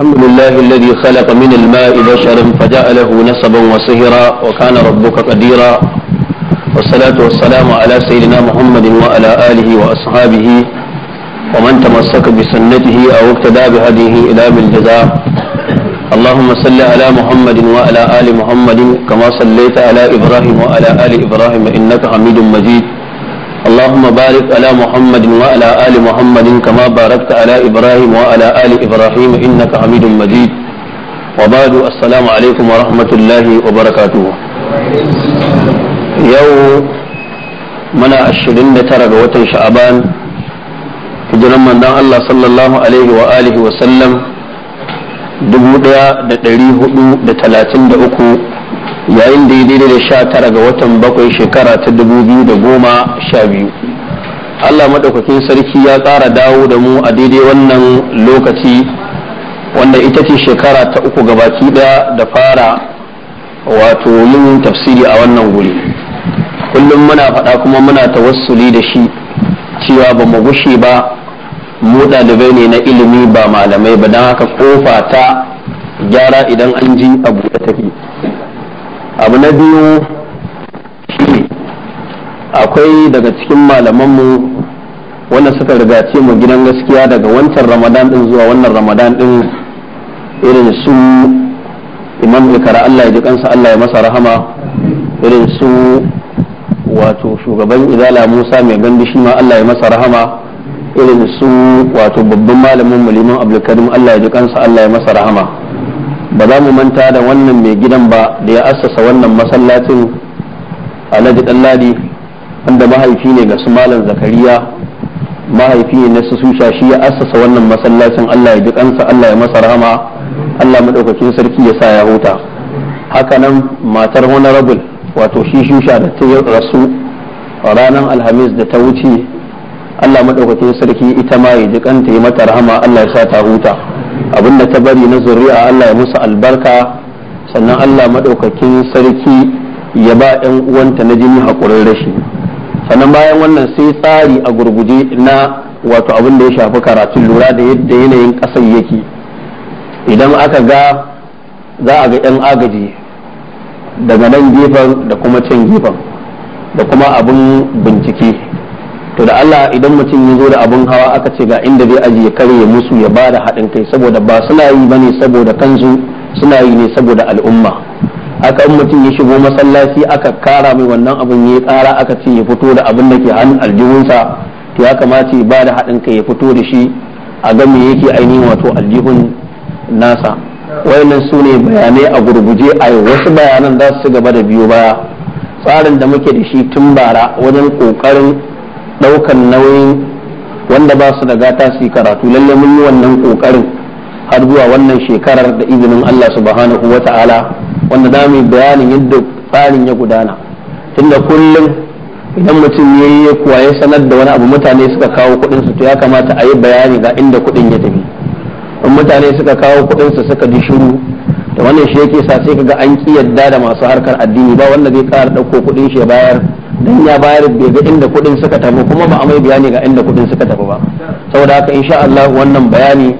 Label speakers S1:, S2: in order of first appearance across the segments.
S1: الحمد لله الذي خلق من الماء بشرا له نسبا وسهرا وكان ربك قديرا والصلاة والسلام على سيدنا محمد وعلى آله وأصحابه ومن تمسك بسنته أو اقتدى بهديه إلى بالجزاء اللهم صل على محمد وعلى آل محمد كما صليت على إبراهيم وعلى آل إبراهيم إنك حميد مجيد اللهم بارك على محمد وعلى آل محمد كما باركت على إبراهيم وعلى آل إبراهيم إنك حميد مجيد وبعد السلام عليكم ورحمة الله وبركاته يوم منا الشرين ترى وتن شعبان hijiran manzon Allah sallallahu alaihi wa alihi wa sallam 1433 yayin da ya daidai da sha tara ga watan bakwai shekara ta dubu biyu da goma sha biyu allah maɗaukakin sarki ya ƙara dawo da mu a daidai wannan lokaci wanda ita ce shekara ta uku gabaki ɗaya da fara wato yin tafsiri a wannan guri kullum muna faɗa kuma muna tawassuli da shi cewa ba mu gushe ba mu ɗalibai ne na ilimi ba malamai ba don haka kofa ta gyara idan an ji abu da tafi. abu na biyu akwai daga cikin malamanmu wanda suka rigace mu gidan gaskiya daga wancan ramadan din zuwa wannan ramadan din irin su imam ikara allah ya ji kansa allah ya masa rahama irin su wato shugaban izala musa mai gandu shi ma allah ya masa rahama irin su wato babban malamin mu abdulkarim allah ya ji kansa allah ya masa rahama ba za mu manta da wannan mai gidan ba da ya assasa wannan masallacin alhaji ladi wanda mahaifi ne ga su malam zakariya mahaifi ne na su shi ya assasa wannan masallacin allah ya ji kansa allah ya masa rahama allah madaukakin sarki ya sa ya huta hakanan matar honorable wato shi shusha da ta rasu ranar alhamis da ta wuce allah madaukakin sarki ita ma ya ji kanta ya mata rahama allah ya sa ta huta abinda ta bari na zuri'a Allah ya musu albarka sannan Allah maɗaukakin sarki ya ba 'yan uwanta na jini haƙurin rashi sannan bayan wannan sai tsari a gurguje na wato abin da ya shafi karatun lura da yadda yanayin ƙasar yake idan aka ga za a ga 'yan agaji daga nan gefen da kuma can gefen da kuma abin bincike to da Allah idan mutum ya zo da abun hawa aka ce ga inda zai ajiye kare ya musu ya ba da haɗin kai saboda ba suna yi ba ne saboda kansu suna yi ne saboda al'umma aka in mutum ya shigo masallaci aka kara mai wannan abun ya kara aka ce ya fito da abin da ke hannun aljihunsa to ya kamata ya ba da haɗin kai ya fito da shi a ga me yake ainihin wato aljihun nasa wayannan su ne bayanai a gurguje a wasu bayanan za su gaba da biyo baya tsarin da muke da shi tun bara wajen kokarin daukan nauyin wanda ba su da gata su karatu lalle mun yi wannan kokarin har zuwa wannan shekarar da izinin Allah subhanahu wa ta'ala wanda za mu bayanin yadda tsarin ya gudana tunda kullum idan mutum ya yi kuwa ya sanar da wani abu mutane suka kawo kuɗin su to ya kamata a yi bayani ga inda kuɗin ya tafi in mutane suka kawo kuɗin su suka ji shiru da wannan shi yake sa sai kaga an ki yadda da masu harkar addini ba wanda zai ƙara ɗauko kuɗin shi ya bayar dan ya bayar bai ga inda kudin suka tafi kuma ba a mai bayani ga inda kudin suka tafi ba saboda haka insha Allah wannan bayani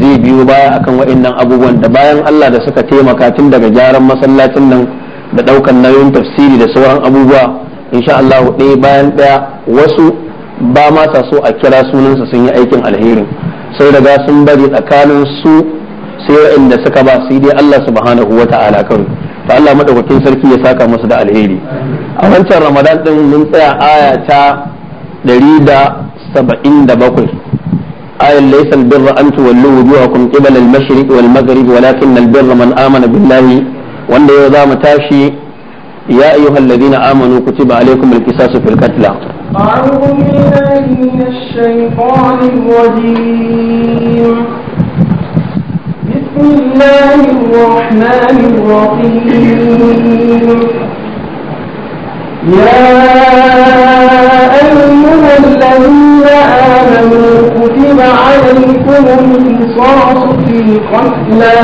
S1: zai biyo baya akan waɗannan abubuwan da bayan Allah da suka taimaka tun daga gyaran masallacin nan da ɗaukan nauyin tafsiri da sauran abubuwa insha Allah ɗaya bayan ɗaya wasu ba ma sa so a kira sunansa sun yi aikin alherin sai daga sun bari tsakanin su sai waɗanda suka ba sai dai Allah subhanahu wata'ala ta'ala kawai Allah madaukakin sarki ya saka masu da alheri a wancan ramadan ɗin mun tsaya aya ta 177 ayan laysa albirra an tuwallu wujuhakum qibala almashriq walmaghrib walakin albirra man amana billahi wanda yau za mu tashi يا أيها الذين آمنوا كتب عليكم القصاص في القتلى أعوذ بالله من الشيطان الرجيم الله الرحمن الرحيم يا أيها الذين آمنوا كتب عليكم القصاص في القتلى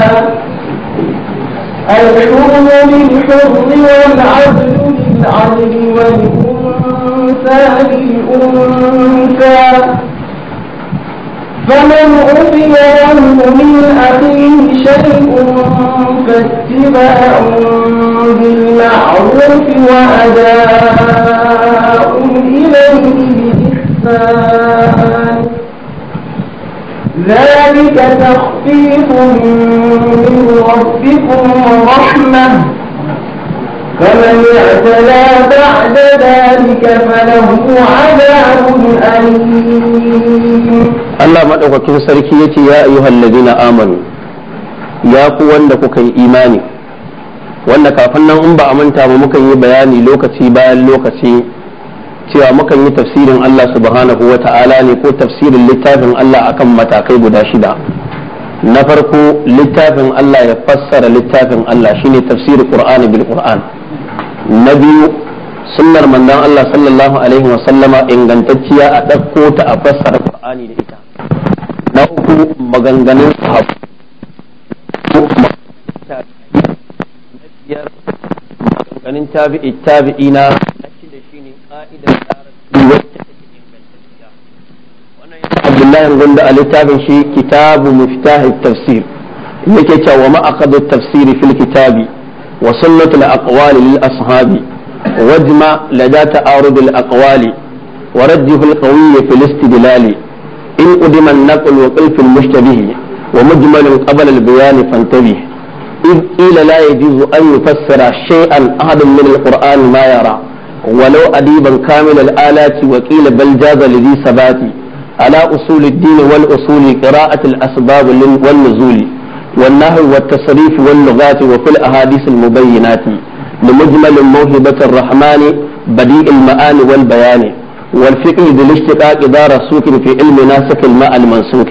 S1: الحر للحر والعدل للعدل والأنثى للأنثى فمن عفي له من أخيه شيء فاتباع بالمعروف وأداء إليه بإحسان ذلك تخفيف من ربكم ورحمة فمن اعتلى بعد ذلك فله عذاب أليم Allah maɗaukakin sarki ya ce ya ayyuhal ladina amanu ya ku wanda kuka yi imani wanda kafin nan in ba a manta ba mukan yi bayani lokaci bayan lokaci cewa mukan yi tafsirin Allah subhanahu wa ta'ala ne ko tafsirin littafin Allah akan matakai guda shida na farko littafin Allah ya fassara littafin Allah shine tafsirin Qur'ani bil Qur'an na biyu sunnar manzon Allah sallallahu alaihi wa sallama ingantacciya a ɗauko ta a fassara Qur'ani da ita na uku maganganun sahabbai biyar maganganun tabi'i tabi'ina na shida shine ka'idar larabci wacce take ingantacciya wannan yana Abdullahi gunda a littafin shi kitabu miftah tafsir yake cewa ma'aqad at-tafsir fil kitabi wa sunnat al-aqwal lil ashabi واجمع لدى تعارض الأقوال ورجه القوي في الاستدلال إن أدم النقل وقل في المشتبه ومجمل قبل البيان فانتبه إذ قيل لا يجوز أن يفسر شيئا أحد من القرآن ما يرى ولو أديبا كامل الآلات وقيل بل جاز لذي ثبات على أصول الدين والأصول قراءة الأسباب والنزول والنهي والتصريف واللغات وفي الأحاديث المبينات لمجمل موهبة الرحمن بديء المآل والبيان والفقه بالاشتقاق دار السوق في علم ناسك الماء المنسوك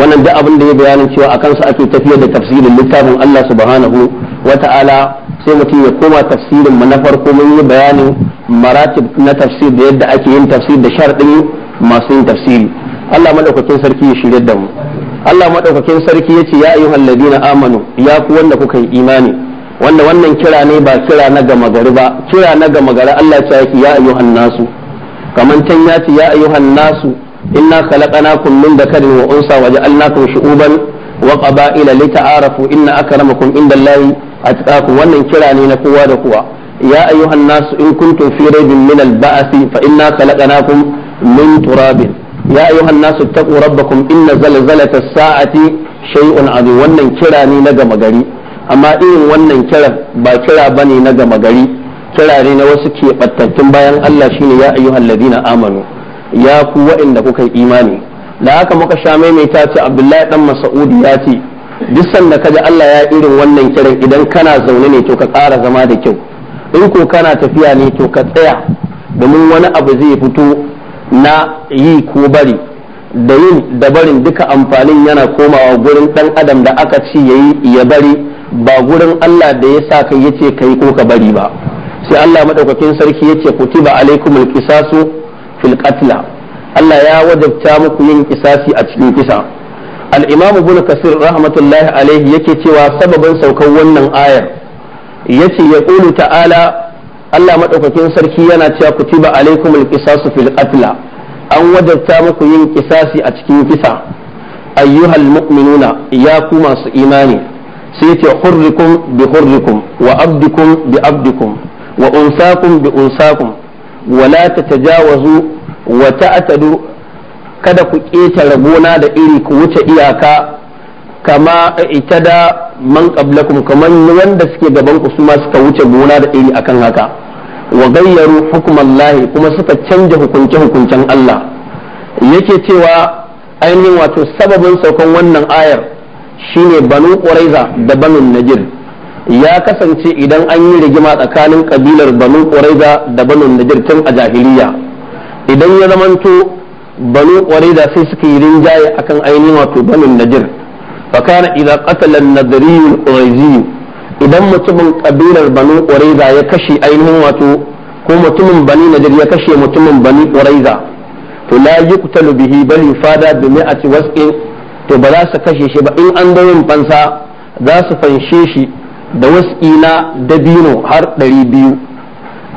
S1: wannan duk abin da ya bayani cewa a kansa ake tafiyar da tafsirin littafin Allah subhanahu wata ala sai mutum ya koma tafsirin mu na farko mun yi bayanin maratib na tafsir da yadda ake yin tafsir da sharɗin masu yin tafsiri Allah madaukakin sarki ya shirye da mu Allah madaukakin sarki ya ce ya ayyuhal ladina amanu ya ku wanda kuka yi imani wanda wannan kira ne ba kira na gama gari ba kira na gama gari Allah ya yake ya ayyuhan nasu kaman can ya ce ya ayyuhan nasu inna khalaqnakum min dhakarin wa unsa wa ja'alnakum shu'uban wa qaba'ila lita'arafu inna akramakum indallahi atqakum wannan kira ne na kowa da kowa ya ayyuhan nasu in kuntum fi raibin min al-ba'thi fa inna khalaqnakum min turabin ya ayyuhan nasu taqu rabbakum inna zalzalata as-sa'ati shay'un 'azim wannan kira ne na gama gari amma irin wannan kira ba kira bane na gama gari kira ne na wasu keɓattattun bayan Allah shine ya ayyuhal ladina amanu ya ku wa'inda kuka yi imani da haka muka sha maimaita ce Abdullahi dan mas'udi ya ce duk sanda kaji Allah ya irin wannan kiran idan kana zaune ne to ka ƙara zama da kyau in ko kana tafiya ne to ka tsaya domin wani abu zai fito na yi ko bari da yin da barin duka amfanin yana komawa gurin dan adam da aka ci yayi ya bari ba gurin Allah da ya sa kai yace kai ko ka bari ba sai Allah madaukakin sarki yace kutiba alaikumul qisasu fil qatla Allah ya wajabta muku yin kisasi a cikin kisa al imamu ibn kasir rahmatullahi alaihi yake cewa sababin saukar wannan ayar yace ya ƙulu ta'ala Allah madaukakin sarki yana cewa kutiba alaikumul qisasu fil qatla an wajabta muku yin kisasi a cikin kisa ayyuhal mu'minuna ya ku masu imani sai yake hurrikum bi hurrikum wa abdikum bi abdikum wa unsakum bi unsakum wa la tatajawazu wa ta'tadu kada ku ƙetare gona da iri ku wuce iyaka kama ita da man qablakum kamar wanda suke gaban ku su ma suka wuce gona da iri akan haka wa gayyaru hukumallahi kuma suka canja hukunce hukuncen Allah yake cewa ainihin wato sababin saukan wannan ayar shine banu quraiza da banu najir ya kasance idan an yi rigima tsakanin kabilar banu quraiza da banu najir tun a jahiliya idan ya zamanto banu quraiza sai suka yi rinjaye akan ainihin wato banu najir fa kana idza qatala an-nadri al-quraizi idan mutumin kabilar banu quraiza ya kashe ainihin wato ko mutumin bani najir ya kashe mutumin bani quraiza to la yuqtalu bihi bal yufada bi mi'ati wasqin to ba za su kashe shi ba in an da yin fansa za su fanshe shi da wasu na dabino har ɗari biyu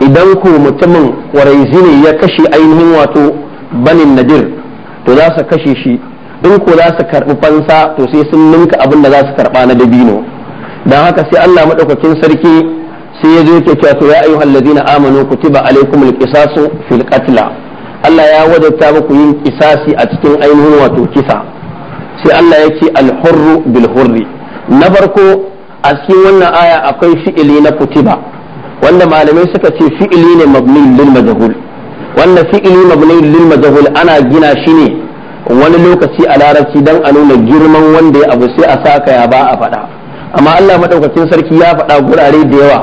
S1: idan ko mutumin waraizi ya kashe ainihin wato banin nadir to za su kashe shi in ko za su karɓi fansa to sai sun ninka abin da za su karɓa na dabino don haka sai allah maɗaukakin sarki sai ya zo yake cewa to ya ayyuhal ladina amanu kutiba alaikumul qisasu fil qatla Allah ya wadatta muku yin kisasi a cikin ainihin wato kisa sai Allah ya ce alhurru bil hurri na farko a cikin wannan aya akwai fi'ili na kutiba wanda malamai suka ce fi'ili ne mabni lil majhul wannan fi'ili mabni lil majhul ana gina shi ne wani lokaci a larabci dan a nuna girman wanda ya abu sai a saka ya ba a faɗa amma Allah madaukakin sarki ya faɗa gurare da yawa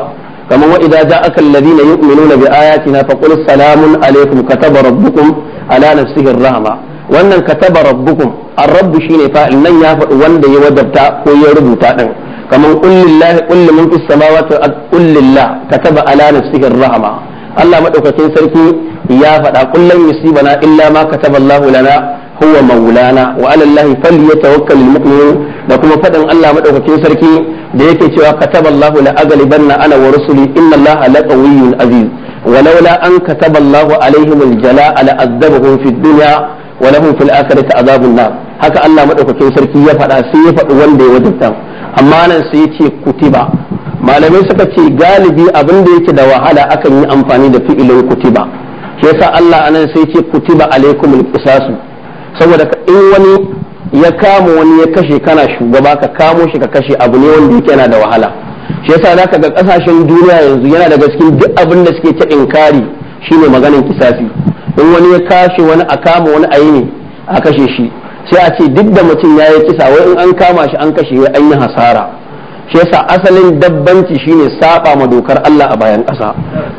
S1: kamar wa idza ja'aka alladhina yu'minuna bi ayatina faqul salamun alaykum kataba rabbukum ala nafsihi rahma wannan kataba rabbukum الرب شيني فاعل من يافر وند يودبتا ويربوتا دن كما قل لله قل لمن في السماوات قل لله كتب على نفسه الرحمة الله مدوكتين سلكي يا فدا قل لن يصيبنا إلا ما كتب الله لنا هو مولانا وعلى الله فليتوكل المؤمنون da kuma faɗin Allah maɗaukakin sarki da yake cewa kataba Allah la aghlibanna ana wa rusuli inna Allah la qawiyyun aziz walaula an kataba Allah alaihim aljala ala azdabuhum fid dunya wa lahum fil azabun nar haka Allah madaukakin sarki ya faɗa sai ya faɗi wanda ya wajabta amma nan sai ya ce kutiba malamai suka ce galibi abin da yake da wahala akan yi amfani da fi'ilin kutiba shi yasa Allah anan sai ya ce kutiba alaikumul qisasu saboda in wani ya kama wani ya kashe kana shugaba ka kamo shi ka kashe abu ne wanda yake yana da wahala shi yasa zaka ga kasashen duniya yanzu yana daga cikin duk abin da suke ta inkari shine maganin kisasi in wani ya kashe wani a kama wani a ne a kashe shi sai a ce duk da mutum ya yi kisa wai in an kama shi an kashe ya an yi hasara shi yasa asalin dabbanci shine saba ma dokar Allah a bayan kasa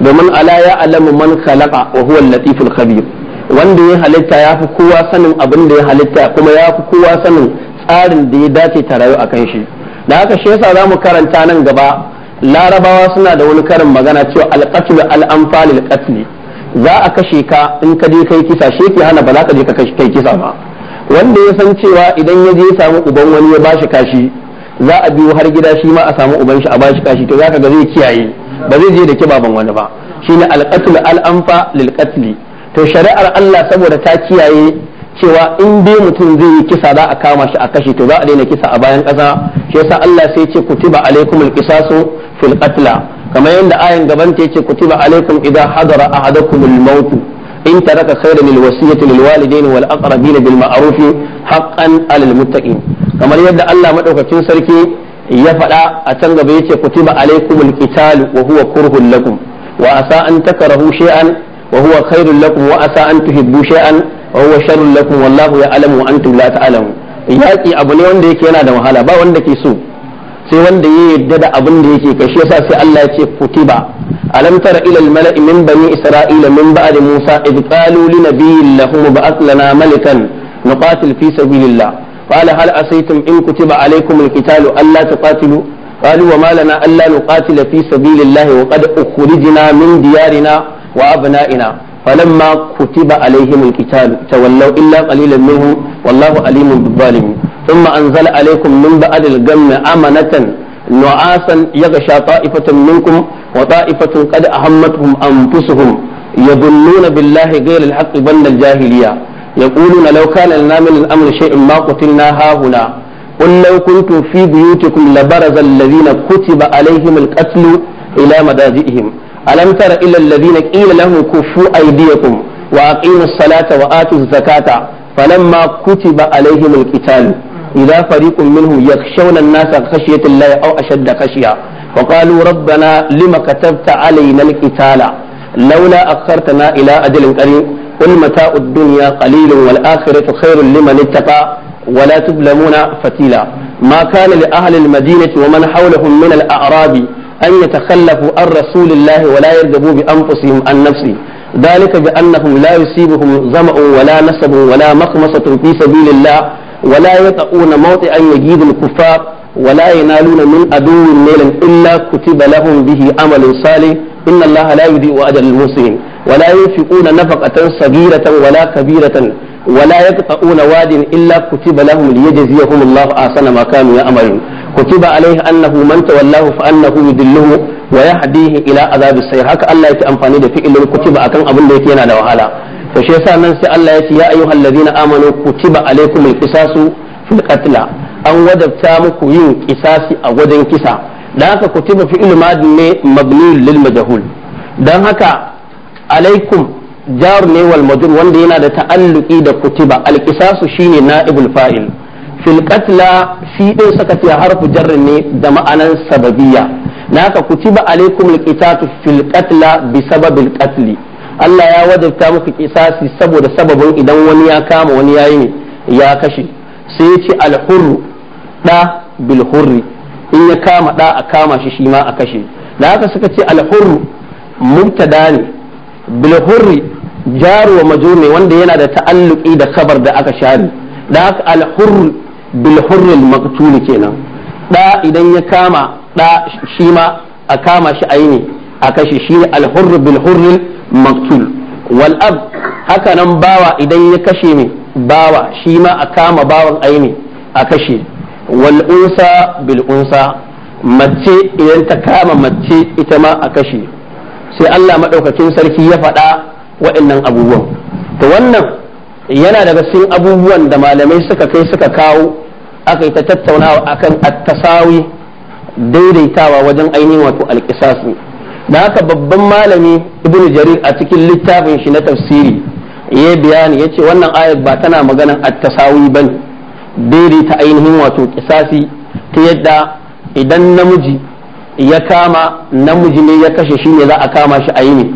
S1: domin ala ya alamu man khalaqa wa huwa latiful khabir wanda ya halitta ya fi kowa sanin abin da ya halitta kuma ya fi kowa sanin tsarin da ya dace ta rayu akan shi da haka shi yasa zamu karanta nan gaba larabawa suna da wani karin magana cewa alqatlu al-anfalil qatl za a kashe ka in ka je kai kisa shi ke hana ba za ka je ka kai kisa ba wanda ya san cewa idan ya je ya samu uban wani ya bashi kashi za a biyo har gida shi ma a samu uban shi a bashi kashi to zaka ga zai kiyaye ba zai je da kibaban wani ba shine alqatl al'amfa lil qatl to shari'ar Allah saboda ta kiyaye cewa in dai mutum zai yi kisa za a kama shi a kashi to za a daina kisa a bayan ƙasa shi yasa Allah sai ce kutiba alaikumul qisasu fil qatla kamar yadda ayan gaban ta yace kutiba alaikum idza hadara ahadakumul mautu in taraka khayran lil wasiyyati lil walidain wal aqrabin bil ma'ruf haqqan alal muttaqin kamar yadda Allah madaukakin sarki ya faɗa a can gaba yace kutiba alaikumul qitalu wa huwa kurhun lakum wa asa an takrahu shay'an wa huwa khairul lakum wa asa an tuhibbu shay'an wa huwa sharrul lakum wallahu ya'lamu wa antum la ta'lamun yaki abu ne wanda yake yana da wahala ba wanda ke so sai wanda ya yarda da abin da yake kai shi yasa sai Allah ya ce kutiba alam tara ila al mala'i min bani isra'ila min ba'd musa id qalu li nabiyyin lahum ba'ath lana malikan nuqatil fi sabilillah qala hal asaytum in kutiba alaykum al qitalu alla tuqatilu قالوا وما لنا ألا نقاتل في سبيل الله وقد أخرجنا من ديارنا ina. فلما كتب عليهم القتال تولوا إلا قليلا منهم والله عليم بالظالمين ثم أنزل عليكم من بعد الغم أمنة نعاسا يغشى طائفة منكم وطائفة قد أهمتهم أنفسهم يظنون بالله غير الحق بن الجاهلية يقولون لو كان لنا من الأمر شيء ما قتلنا هاهنا قل لو كنتم في بيوتكم لبرز الذين كتب عليهم القتل إلى مضاجئهم alam tara ila alladhina qila lahum kufu aydiyakum wa aqimus salata wa atuz zakata falamma kutiba alaihim alqital idza fariqun minhum yakhshawna an-nasa khashyata allahi aw ashadda khashya wa qalu rabbana lima katabta alaina alqitala laula akhartana ila ajalin qarib qul mata'u ad-dunya qalilun wal akhiratu khairun liman ittaqa ولا تظلمون فتيلا ما كان لأهل المدينة ومن حولهم من الأعراب أن يتخلفوا عن رسول الله ولا يرغبوا بأنفسهم عن نفسه ذلك بأنهم لا يصيبهم ظمأ ولا نسب ولا مخمصة في سبيل الله ولا يطؤون موطئا يجيد الكفار ولا ينالون من عدو نيلا إلا كتب لهم به عمل صالح إن الله لا يضيء أجر المحسنين ولا ينفقون نفقة صغيرة ولا كبيرة ولا يقطعون واد إلا كتب لهم ليجزيهم الله أحسن ما كانوا يعملون kutiba alaihi annahu man tawallahu fa annahu yudilluhu waya yahdihi ila azabis sayr haka Allah yake amfani da fi'ilin kutiba akan abin da yake yana da wahala to shi yasa nan sai Allah ya a ya ayyuhal ladina amanu kutiba alaikumul qisasu fil qatla an wadabta muku yin qisasi a wajen kisa dan haka kutiba fi'il madin ne mabni lil majhul dan haka alaikum jar ne wal wanda yana da ta'alluqi da kutiba al shine na'ibul fa'il fil qatla fi din saka ce harfu jarr ne da ma'anan sababiyya naka kutiba alaikum alqitatu fil qatla bi sababil qatli Allah ya wajabta muku kisasi saboda sababin idan wani ya kama wani yayi ne ya kashe sai ya ce alhurru da bil hurri in ya kama da a kama shi shi ma a kashe da haka suka ce alhurru mubtada ne bil hurri wa ne wanda yana da ta'alluki da kabar da aka share da haka alhurru bilhurri hurril kenan da idan ya kama da shi ma a kama shi aini a kashe shi ne alhurri maqtul wal ab haka nan bawa idan ya kashe ne bawa shi ma a kama bawan aini a kashe wal unsa mace idan ta kama mace ita ma a kashe sai Allah madaukakin sarki ya faɗa waɗannan abubuwan to wannan yana daga cikin abubuwan da malamai suka kai suka kawo aka yi ta tattaunawa akan attasawi daidaitawa wajen ainihin wato alƙisasu da haka babban malami ibn jarir a cikin littafin shi na tafsiri ya bayani ya ce wannan ayat ba tana maganan attasawi ba ne daidaita ainihin wato kisasi ta yadda idan namiji ya kama namiji ne ya kashe shi ne za a kama shi a yi ne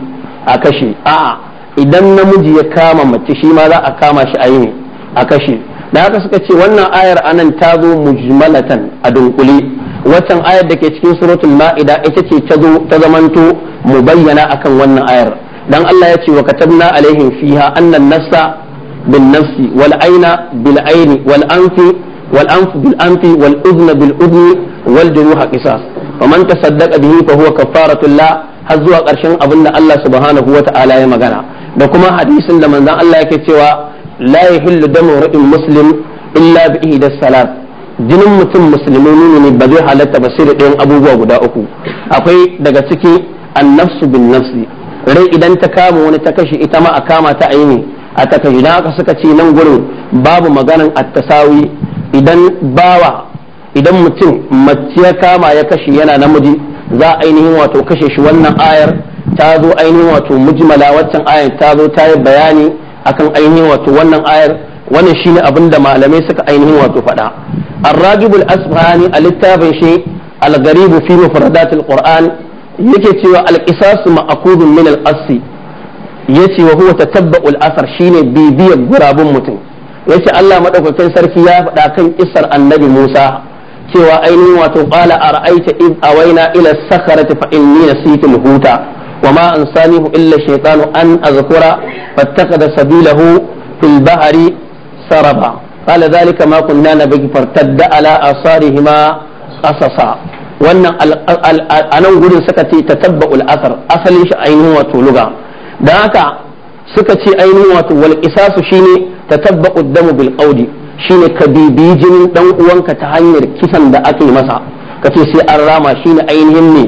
S1: a kashe a'a idan namiji ya kama mace shi ma za a kama shi a yi ne a kashe da haka suka ce wannan ayar anan ta zo mujmalatan a dunkule waccan ayar da ke cikin suratul ma'ida ita ce ta zo ta zamanto mu bayyana akan wannan ayar dan Allah ya ce wa katabna alaihim fiha annan nafsa bin nafsi wal aina bil aini wal anfi wal anfu bil anfi wal udhna bil udhni wal juruha qisas wa man tasaddaqa bihi fa huwa kafaratu la har zuwa karshen abin da Allah subhanahu wa ta'ala ya magana da kuma hadisin da manzan Allah yake cewa la yahillu damu ra'in muslim illa bi ihda salat jinin mutum musulmi ne ba zai halatta ba sai da ɗayan abubuwa guda uku akwai daga ciki annafsu bin nafsi rai idan ta kama wani ta kashe ita ma a kama ta a ne a ta kashe don haka suka ce nan gurin babu maganin attasawi idan bawa idan mutum mace ya kama ya kashe yana namiji za a ainihin wato kashe shi wannan ayar ta zo ainihin wato mujmala waccan ayar ta zo ta yi bayani akan ainihin wato wannan ayar wannan shine abin da malamai suka ainihin wato faɗa arrajibul asbahani a littafin shi al-garibu fi mufradatil qur'an yake cewa al-qisasu ma'qudun min al-asli yace wa huwa tatabba'ul asar shine bibiyar gurabun mutum yace Allah madaukakin sarki ya faɗa kan kisar annabi Musa cewa ainihin wato qala ara'aita id awaina ila sakharati fa inni sitin huta وما أنسانيه إلا الشيطان أن أذكر فاتخذ سبيله في البحر سربا قال ذلك ما كنا نبغي فارتد على آثارهما قصصا wannan a nan gudun suka ce ta tabba al'asar asalin shi ainihin wato luga da haka suka ce ainihin wato wal shine ta tabba uddamu bil shine ka bibiyi jinin dan uwanka ta hanyar kisan da aka yi masa ka sai an rama shine ainihin ne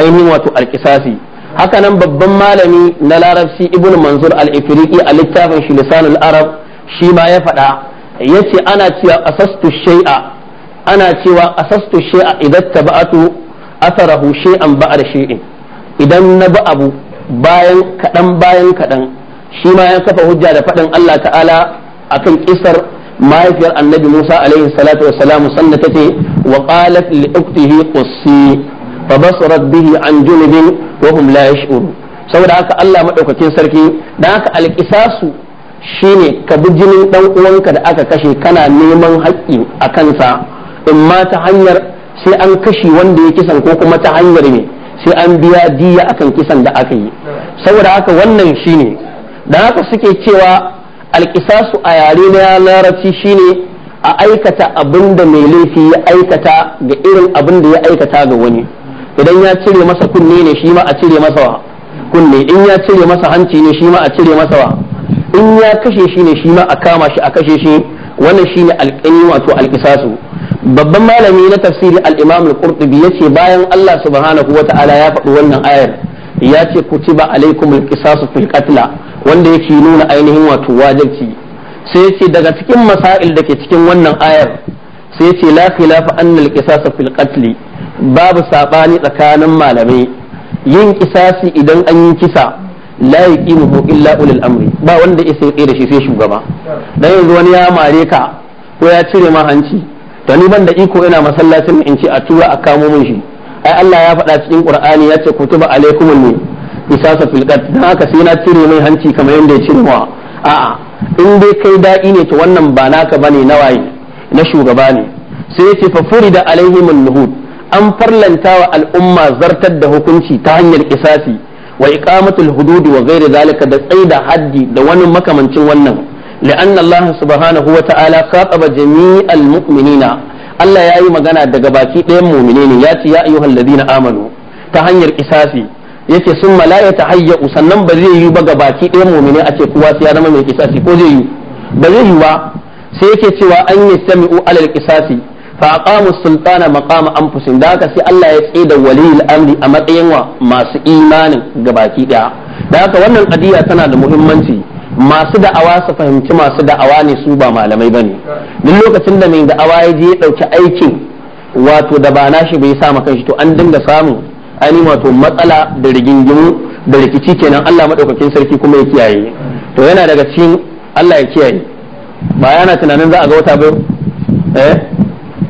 S1: ainihin wato alkisasi haka nan babban malami na larabci ibn manzur al-ifriqi a littafin shi lisanul arab shi ma ya faɗa yace ana cewa asastu shay'a ana cewa asastu shay'a idan taba'atu atharahu shay'an ba'da shay'in idan na bi abu bayan kaɗan bayan kaɗan shi ma ya kafa hujja da faɗin Allah ta'ala akan kisar mahaifiyar annabi Musa alaihi salatu wassalam sannan tace wa qalat li ukhtihi qussi fa basarat bihi an junubin wa hum la yash'urun saboda haka Allah madaukakin sarki dan haka alqisasu shine ka bi jinin dan uwanka da aka kashe kana neman haƙƙi a kansa in ma ta hanyar sai an kashe wanda ya kisan ko kuma ta hanyar ne sai an biya diya akan kisan da aka yi saboda haka wannan shine dan haka suke cewa alƙisasu a yare na larabci shine a aikata abin da mai laifi ya aikata ga irin abin da ya aikata ga wani idan ya cire masa kunne ne shi ma a cire masa wa kunne in ya cire masa hanci ne shi ma a cire masa wa in ya kashe shi ne shi ma a kama shi a kashe shi wannan ne alƙini wato alƙisasu babban malami na tafsiri al-Imam al-Qurtubi yace bayan Allah subhanahu wata'ala ya faɗi wannan ayar ya ce kutiba alaikum al-qisasu fil qatla wanda yake nuna ainihin wato wajibci sai yace daga cikin masail da ke cikin wannan ayar sai yace la khilafa anna al fil qatli babu saɓani tsakanin malamai yin kisasi idan an yi kisa la muku illa ulul amri ba wanda isa ya sai da shi sai shugaba dan yanzu wani ya mare ka ko ya cire ma hanci to ni ban da iko ina masallacin in ce a tura a kamo min shi ai Allah ya faɗa cikin Qur'ani ya ce kutuba alaikumul ne kisasa fil qat dan haka sai na cire mai hanci kamar yanda ya cire mawa a'a in dai kai da'i ne to wannan ba naka bane na waye na shugaba ne sai ya ce fa furida alaihimul nuhud an farlanta wa al'umma zartar da hukunci ta hanyar kisasi wa iqamatul hududi wa da zalika da tsaida haddi da wani makamancin wannan لأن الله سبحانه وتعالى خاطب جميع المؤمنين الله يا أيها مغانا دقباكي دي مؤمنين ياتي يا أيها الذين ta hanyar إساسي yace sun la ya sannan ba zai yi ba gabaki ɗaya mumini a ce kowa sai ya zama mai kisasi ko zai yi ba zai yi ba sai yake cewa an yi sami'u alal kisasi fa aqamu sultana maqama anfusin da haka sai Allah ya tsida waliyul amri a matsayin wa masu imanin gabaki daya da haka wannan qadiya tana da muhimmanci masu da'awa su fahimci masu da'awa ne su ba malamai bane duk lokacin da mai awa ya je ya dauki aikin wato da ba nashi bai sa maka shi to an dinga samun ani wato matsala da rigingimu da rikici kenan Allah madaukakin sarki kuma ya kiyaye to yana daga cikin Allah ya kiyaye ba yana tunanin za a ga wata ba eh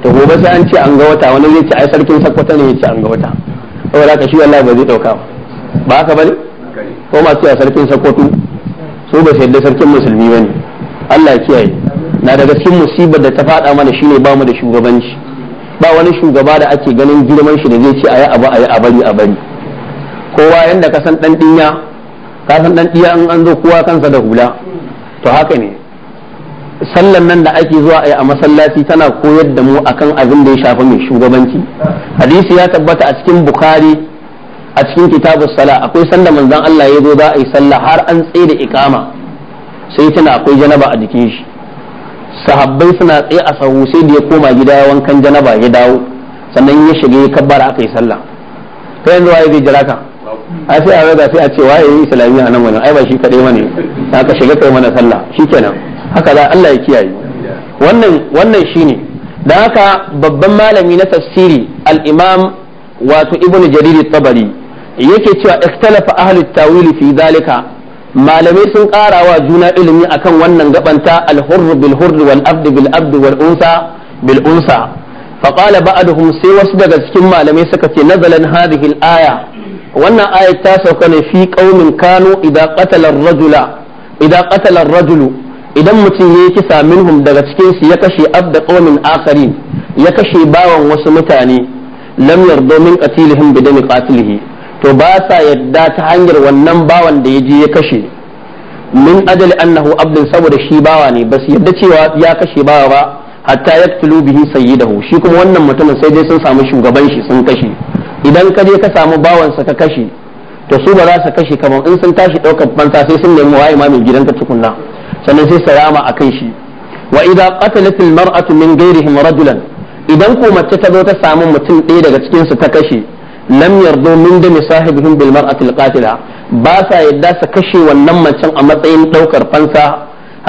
S1: to gobe sai an ce an ga wata wani zai ce ai sarkin sakwata ne ya an ga wata da haka shi Allah ba zai dauka ba haka bane ko masu cewa sarkin sakwatu su ba su yadda sarkin musulmi bane Allah ya kiyaye na daga cikin musibar da ta faɗa mana shine ba mu da shugabanci ba wani shugaba da ake ganin girman shi da zai ce ayi abu ayi a bari a kowa yanda ka san dan dinya ka san dan dinya in an zo kowa kansa da hula to haka ne sallan nan da ake zuwa a masallaci tana koyar da mu akan abin da ya shafi mai shugabanci hadisi ya tabbata a cikin bukhari a cikin kitabus sala akwai sanda manzon Allah ya zo za a yi sallah har an tsaye da ikama sai tana akwai janaba a jikin shi sahabbai suna tsaye a sahu sai da ya koma gida ya wankan janaba ya dawo sannan ya shiga ya kabbara aka yi sallah kai yanzu waye zai jira ka a sai a raga sai a ce waye islamiyya nan wannan ai ba shi kadai bane ka shiga kai mana sallah shikenan haka za Allah ya kiyaye wannan wannan shine da haka babban malami na tafsiri al-imam wato ibn jarir tabari yake cewa ikhtalafa ahli tawili fi dalika malamai sun karawa juna ilimi akan wannan gabanta al-hurr bil hurr wal abd bil abd wal unsa bil unsa فقال بعضهم sai wasu daga cikin malamai suka ce nazalan hadhihi al-aya wannan ayat ta sauka ne fi qaumin kanu idza qatala ar rajulu idan mutum ya yi kisa minhum daga cikin su ya kashe abda qawmin akharin ya kashe bawan wasu mutane lam yardo min qatilihim bidan qatilihi to ba sa yadda ta hanyar wannan bawan da ya je ya kashe min ajali annahu abdin saboda shi bawa ne ba su yadda cewa ya kashe bawa ba hatta yaqtulu bihi sayyidahu shi kuma wannan mutumin sai dai sun samu shugaban shi sun kashe idan ka je ka samu bawansa ka kashe to su ba za su kashe kamar in sun tashi ɗaukar fansa sai sun nemi wa imamin gidanka tukunna sannan sai a kan shi wa idza qatalat al min ghairihim rajulan idan ko mace ta zo ta samu mutum ɗaya daga cikin su ta kashe lam yardu min dami sahibihim bil mar'ati al ba sa yadda su kashe wannan macen a matsayin daukar fansa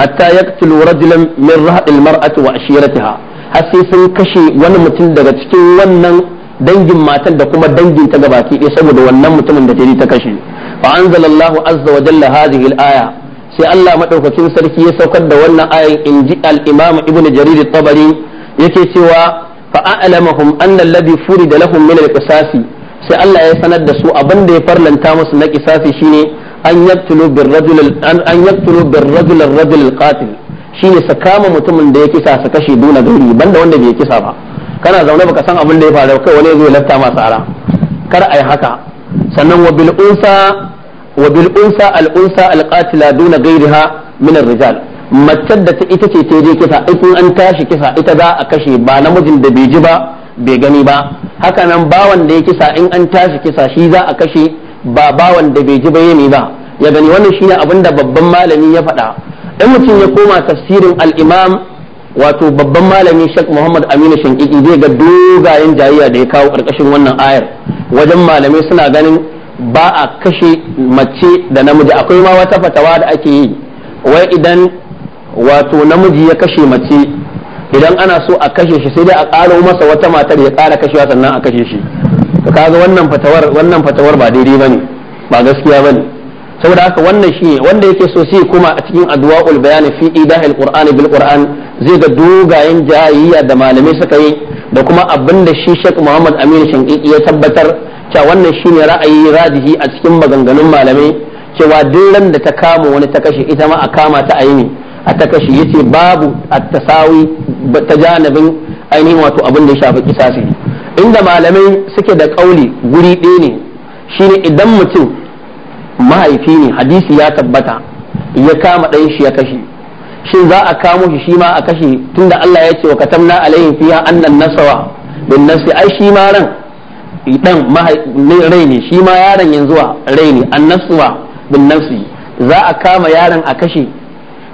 S1: hatta yaqtulu rajulan min rahil mar'ati wa ashiratiha har sai sun kashe wani mutum daga cikin wannan dangin matan da kuma dangin ta gabaki ɗaya saboda wannan mutumin da ta ta kashe fa anzalallahu azza wa jalla hadhihi al aya sai Allah madaukakin sarki ya saukar da wannan ayan in ji al-Imam Ibn Jarir tabari yake cewa fa a'lamahum anna alladhi furida lahum min al-qisasi sai Allah ya sanar da su abin da ya farlanta musu na qisasi shine an yaqtulu bir-rajul an yaqtulu bir-rajul ar-rajul al-qatil shine sa kama mutumin da ya kisa sa kashe duna gari banda wanda bai kisa ba kana zaune baka san abin da ya faru kai wani zai lafta masa ara kar ai haka sannan wa bil unsa wa bil unsa al unsa al qatila duna macen da ita ce ta je kisa in an tashi kisa ita za a kashe ba namijin da bai ji ba bai gani ba haka nan bawan da ya kisa in an tashi kisa shi za a kashe ba bawan da bai ji ba yami ba ya gani wannan shine abin da babban malami ya faɗa in mutum ya koma tafsirin al-imam wato babban malami Sheikh Muhammad Aminu shinkiki zai ga dogayen jayayya da ya kawo karkashin wannan ayar wajen malamai suna ganin ba a kashe mace da namiji akwai ma wata fatawa da ake yi wai idan wato namiji ya kashe mace idan ana so a kashe shi sai dai a ƙaro masa wata matar ya ƙara kashewa sannan a kashe shi to kaga wannan fatawar wannan fatawar ba daidai bane ba gaskiya bane saboda haka wannan shi wanda yake so sai kuma a cikin adwaul bayan fi idahil qur'an bil qur'an zai ga dogayen jayayya da malamai suka yi da kuma abinda da shi Sheikh Muhammad Aminu Shinqiti ya tabbatar cewa wannan shi ne ra'ayi rajihi a cikin maganganun malamai cewa duk ran da ta kama wani ta kashe ita ma a kama ta a yi a ta kashe yace babu a tasawi ta janabin ainihin wato abin da ya shafi kisasi inda malamai suke da kauli guri ɗaya ne shine idan mutum mahaifi ne hadisi ya tabbata ya kama ɗan shi ya kashe shin za a kamo shi shi ma a kashe tunda Allah ya ce wa katamna alaihim fiha annan nasawa bin nasi ai shi ma ran dan rai ne shi ma yaron yanzu rai ne annafsu bin nafsi za a kama yaron a kashe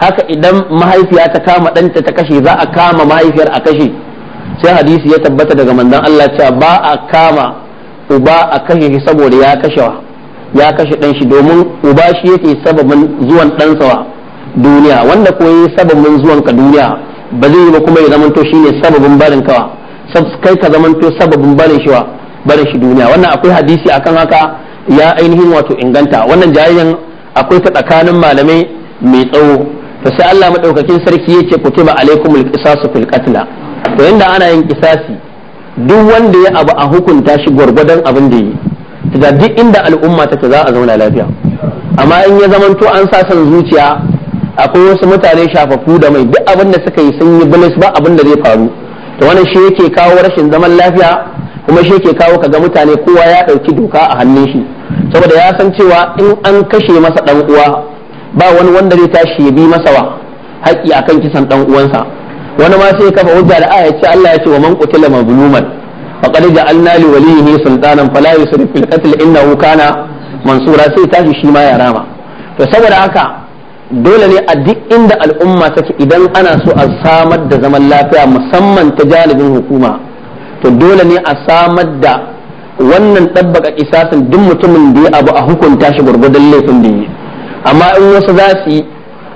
S1: haka idan mahaifiya ta kama ɗanta ta kashe za a kama mahaifiyar a kashe sai hadisi ya tabbata daga mandan Allah cewa ba a kama uba a kashe shi saboda ya kashe wa ya kashe dan shi domin uba shi yake sababin zuwan sa wa duniya wanda ko yi sababin zuwan ka duniya ba zai yi ba kuma ya zamanto shine sababin barin kawa kai ka zamanto sababin barin shi wa barin shi duniya wannan akwai hadisi akan haka ya ainihin wato inganta wannan jayayyan akwai ta tsakanin malamai mai tsawo to sai Allah maɗaukakin sarki ya ce ce kutiba alaikumul qisasu fil qatla to inda ana yin kisasi duk wanda ya abu a hukunta shi gwargwadon abin da yi da duk inda al'umma take za a zauna lafiya amma in ya zamanto an sa san zuciya akwai wasu mutane shafafu da mai duk abin da suka yi sun yi bilis ba abin da zai faru to wannan shi yake kawo rashin zaman lafiya kuma shi ke kawo kaga mutane kowa ya ɗauki doka a hannun shi saboda ya san cewa in an kashe masa ɗan uwa ba wani wanda zai tashi ya bi masa wa haƙƙi kan kisan ɗan uwansa wani ma sai kafa hujja da aya ce Allah ya ce wa man qutila mazluman qad ja'alna li walihi sultanan fala yusrif fil qatl innahu kana mansura sai tashi shi ma ya rama to saboda haka dole ne a duk inda al'umma take idan ana so a samar da zaman lafiya musamman ta janibin hukuma to dole ne a samar da wannan ɗabbaka kisasin duk mutumin da ya abu a hukunta shi gwargwadon laifin da yi amma in wasu za su yi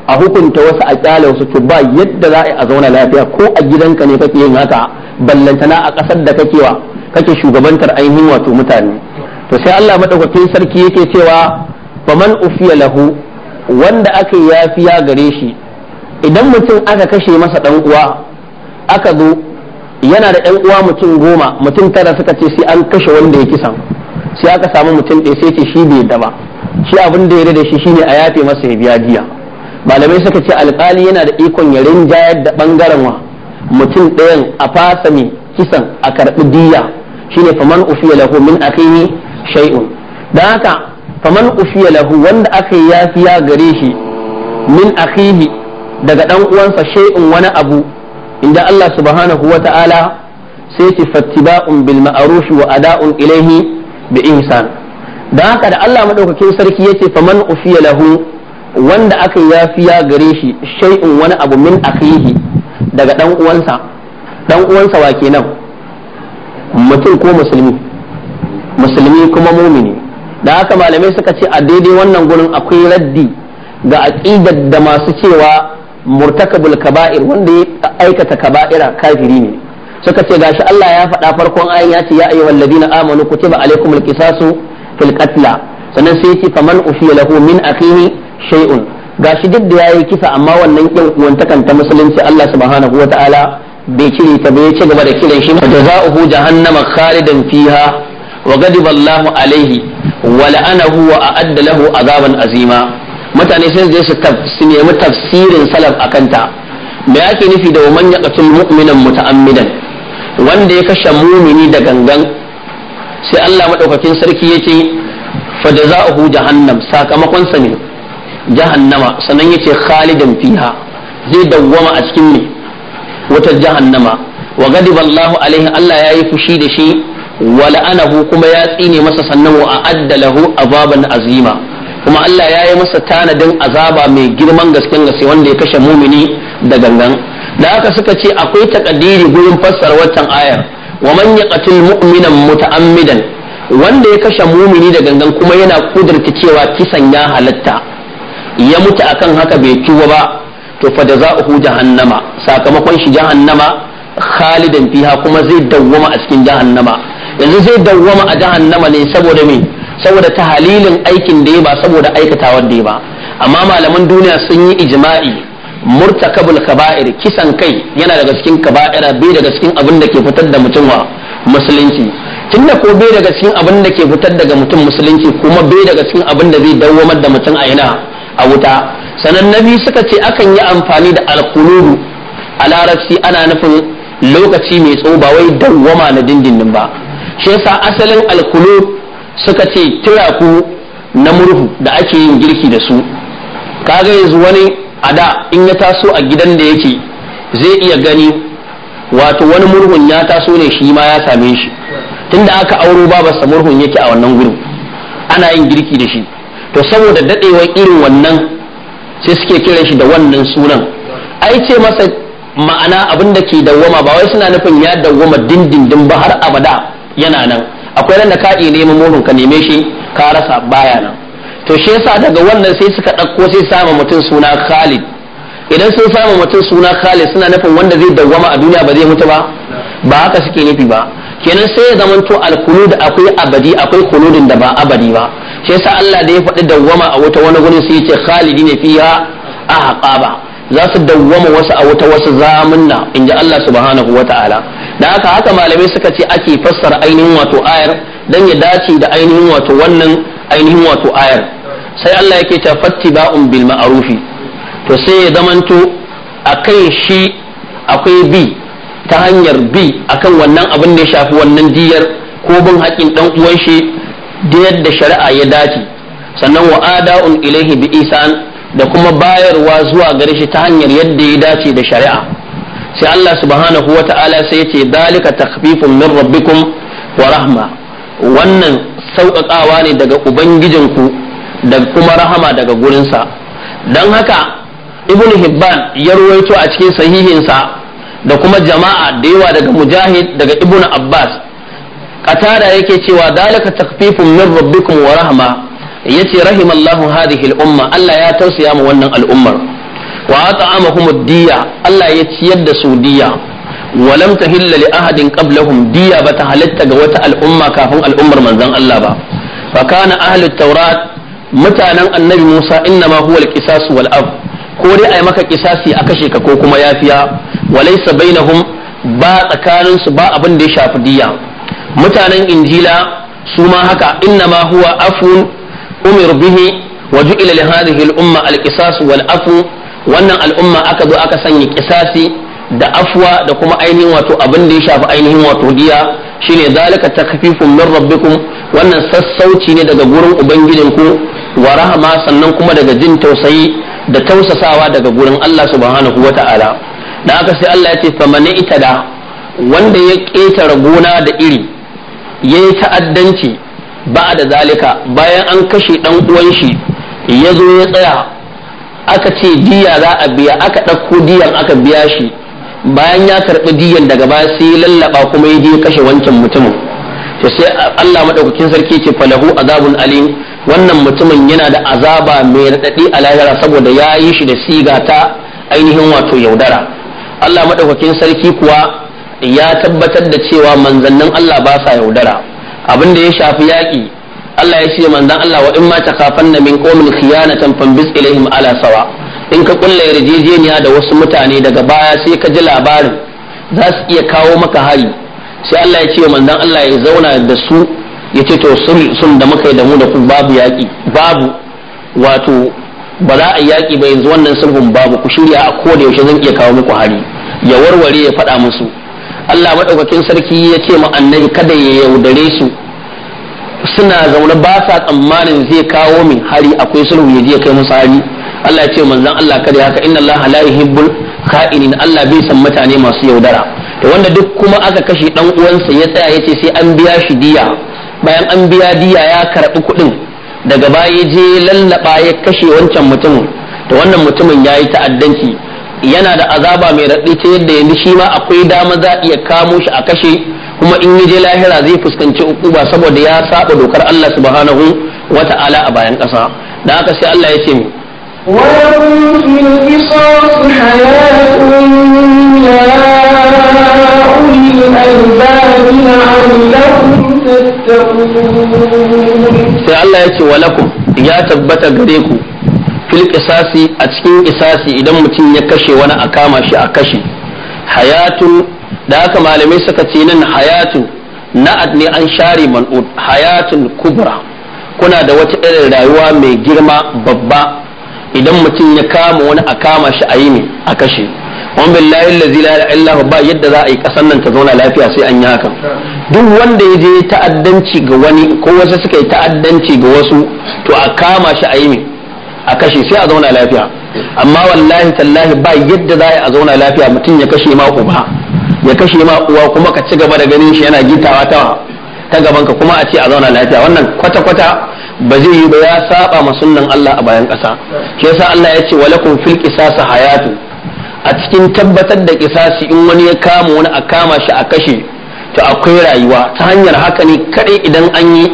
S1: a hukunta wasu a kyale wasu to ba yadda za a zauna lafiya ko a gidanka ne kake yin haka ballantana a ƙasar da kake wa kake shugabantar ainihin wato mutane to sai Allah madaukakin sarki yake cewa faman ufiya lahu wanda aka yafiya gare shi idan mutum aka kashe masa ɗan uwa aka zo yana da ɗan uwa mutum goma mutum tara suka ce sai an kashe wanda ya kisan sai aka samu mutum ɗaya sai ce shi bai daba shi abin da ya da shi shine a yafe masa ya biya jiya. malamai suka ce alƙali yana da ikon ya rinjayar da ɓangaren wa mutum ɗayan a fasa mai kisan a karɓi diya shine faman ufiya lahu min akhihi shay'un dan haka faman ufiya lahu wanda aka yi yafiya gare shi min akhihi daga ɗan uwansa shay'un wani abu inda Allah subhanahu wa ta'ala sai ki fattiba'un bil ma'ruf wa ada'un ilaihi bi ihsan da haka da Allah madaukakin sarki ya yace faman ufiya lahu wanda aka yafiya gare shi shay'un wani abu min akhihi daga dan uwansa dan uwansa wa kenan mutum ko musulmi musulmi kuma mumini da haka malamai suka ce a daidai wannan gurin akwai raddi ga aqidar da masu cewa murtakabul kaba'ir wanda aikata kaba'ira kafiri ne suka ce gashi Allah ya faɗa farkon ayin ya ce ya ayyuhal ladina amanu kutiba alaikumul qisasu fil qatl sannan sai yace faman ufiya lahu min akhihi shay'un gashi duk da yayi kisa amma wannan kin wantakan ta musulunci Allah subhanahu wataala bai cire ta bai ci gaba da kiran shi jazaohu jahannama khalidan fiha wa ghadiba Allahu alaihi wa la'anahu wa a'adda lahu azaban azima mutane sai su nemi tafsirin salaf akanta me yake nufi da man yaqtul mu'minan muta'ammidan wanda ya kashe mumini da gangan sai Allah madaukakin sarki yace fajaza'uhu jahannam sakamakon sa ne jahannama sannan yace khalidan fiha zai dawwama a cikin ne wata jahannama wa gadiballahu alaihi Allah yayi fushi da shi wa la'anahu kuma ya tsine masa sannan wa a'adda lahu azaban azima kuma Allah ya yi masa tanadin azaba mai girman gasken gaske wanda ya kashe mumini da gangan da haka suka ce akwai takadiri gurin fassara watan ayar wa man yaqatil mu'minan muta'ammidan wanda ya kashe mumini da gangan kuma yana kudurta cewa kisan ya halatta ya mutu akan haka bai tuba ba to fa za'uhu jahannama sakamakon shi jahannama khalidan fiha kuma zai dawwama a cikin jahannama yanzu zai dawwama a jahannama ne saboda me saboda halilin aikin da ya ba saboda aikatawar da ya ba amma malaman duniya sun yi ijma'i murtakabul kaba'ir kisan kai yana daga cikin kaba'ira bai daga cikin abin da ke fitar da mutum wa musulunci tunda ko bai daga cikin abin da ke fitar daga mutum musulunci kuma bai daga cikin abin da zai dawwamar da mutum a ina a wuta sanan nabi suka ce akan yi amfani da alkuluru a larabci ana nufin lokaci mai tsawo ba wai dawwama na dindindin ba shi yasa asalin alkulur suka ce turaku na murhu da ake yin girki da su kaga yanzu wani a da in ya taso a gidan da yake zai iya gani wato wani murhun ya taso ne shi ma ya same shi tunda aka auro sa murhun yake a wannan gurin ana yin girki da shi to saboda dadewar irin wannan sai suke kiran shi da wannan sunan ai ce masa ma'ana abin da ke dawwama ba wai suna nufin ya dawwama dindindin ba har abada yana nan akwai nan da ka iya neman murhun ka neme shi ka rasa baya nan to shi yasa daga wannan sai suka ɗauko sai samu mutum suna Khalid idan sun samu mutum suna Khalid suna nufin wanda zai dawwama a duniya ba zai mutu ba ba haka suke nufi ba kenan sai ya zamanto alkulud akwai abadi akwai kuludin da ba abadi ba shi yasa Allah da ya faɗi dawwama a wata wani gurin sai ya ce khalidi ne a haƙaba. za su dawwama wasu a wuta wasu zamunna in ji Allah subhanahu wa ta'ala da haka haka malamai suka ce ake fassara ainihin wato ayar dan ya dace da ainihin wato wannan ainihin wato ayar sai Allah yake ta fattiba'un bil ma'rufi to sai ya zamanto akai shi akwai bi ta hanyar bi akan wannan abin da ya shafi wannan diyar ko bin haƙin dan uwan shi da yadda shari'a ya dace sannan wa ada'un ilaihi bi isan da kuma bayarwa zuwa gare shi ta hanyar yadda ya dace da shari'a sai Allah subhanahu wa ta'ala sai ce dalika takhfifun min rabbikum wa rahma wannan sauƙaƙawa ne daga ubangijinku da kuma rahama daga gurinsa don haka ibn hibban ya ruwaito a cikin sahihinsa da kuma jama'a da yawa daga mujahid daga ibn abbas qatada yake cewa dalika takhfifun min rabbikum wa rahma ce rahimallahu hadhihi al-umma Allah ya tausaya mu wannan al'ummar wa at'amahum diya Allah ya ciyar da su diya wa lam tahilla li ahadin qablahum diya bata halitta ga wata al'umma kafin al'ummar manzon Allah ba fa kana ahli taurat mutanen annabi Musa innama huwa al-qisas wal ab ko dai ai maka kisasi a kashe ka ko kuma yafiya wa laysa bainahum ba tsakaninsu ba abin da ya shafi diya mutanen injila su ma haka innama huwa afun umiru bihi wa ju'ila li hadhihi al-umma al-qisas wal afu wannan al'umma aka zo aka sanya ƙisasi da afwa da kuma ainihin wato abin da ya shafi ainihin wato diya shine zalika takfifun min rabbikum wannan sassauci ne daga gurin ubangijinku wa rahama sannan kuma daga jin tausayi da tausasawa daga gurin Allah subhanahu wata'ala da aka sai Allah ya ce famani da wanda ya ƙetare gona da iri ya yi ta'addanci ba da zalika bayan an kashe dan uwan shi ya zo ya tsaya aka ce diya za a biya aka ɗauko diyan aka biya shi bayan ya karɓi diyan daga baya sai ya lallaba kuma ya je kashe wancan mutumin to sai Allah madaukakin sarki ce falahu azabun alim wannan mutumin yana da azaba mai raɗaɗi a lahira saboda ya yi shi da siga ta ainihin wato yaudara Allah madaukakin sarki kuwa ya tabbatar da cewa manzannin Allah ba sa yaudara abin da ya shafi yaƙi Allah ya ce manzon Allah wa in ma na min qawmin khiyanatan bis ilaihim ala sawa in ka kulla yarjejeniya da wasu mutane daga baya sai ka ji labarin za su iya kawo maka hari sai Allah ya ce manzon Allah ya zauna da su ya ce to sun da muka yi da mu da ku babu yaƙi babu wato ba za a yaƙi ba yanzu wannan sulhun babu ku shirya a koda yaushe zan iya kawo muku hari ya warware ya faɗa musu Allah maɗaukakin sarki ya ce ma annabi kada ya yaudare su suna zaune ba sa tsammanin zai kawo min hari akwai sulhu ya je kai musu hari Allah ya ce manzon Allah kada haka inna Allah la yuhibbul kha'inin Allah bai san mutane masu yaudara to wanda duk kuma aka kashe dan uwansa ya tsaya yace sai an biya shi diya bayan an biya diya ya karbi kuɗin daga baya je lallaba ya kashe wancan mutumin to wannan mutumin yayi ta'addanci yana da azaba mai raɗi ta yadda yanzu shi ma akwai dama za iya kamo shi a kashe kuma in yaje lahira zai fuskanci ukuba saboda ya saba dokar Allah subhanahu ta'ala a bayan ƙasa da haka sai Allah ya ce mu sai Allah ya ce wa lakum ya tabbata gare ku fil qisasi a cikin qisasi idan mutum ya kashe wani a kama shi a kashe hayatu da haka malamai suka ce nan hayatu na'at ne an share man'ud hayatun kubra kuna da wata irin rayuwa mai girma babba idan mutum ya kama wani a kama shi a yi ne a kashe wani billahi la ilaha ba yadda za a yi kasan nan ta zauna lafiya sai an yi haka duk wanda ya je ta'addanci ga wani ko wasu suka yi ta'addanci ga wasu to a kama shi a yi ne a kashe sai a zauna lafiya amma wallahi tallahi ba yadda za a zauna lafiya mutum ya kashe ma uba ya kashe ma uwa kuma ka ci gaba da ganin shi yana gitawa ta ta gaban ka kuma a ce a zauna lafiya wannan kwata kwata ba zai yi ba ya saba ma sunnan Allah a bayan ƙasa shi yasa Allah ya ce walakum fil qisas hayatu a cikin tabbatar da kisasi in wani ya kama wani a kama shi a kashe to akwai rayuwa ta hanyar haka ne kadai idan an yi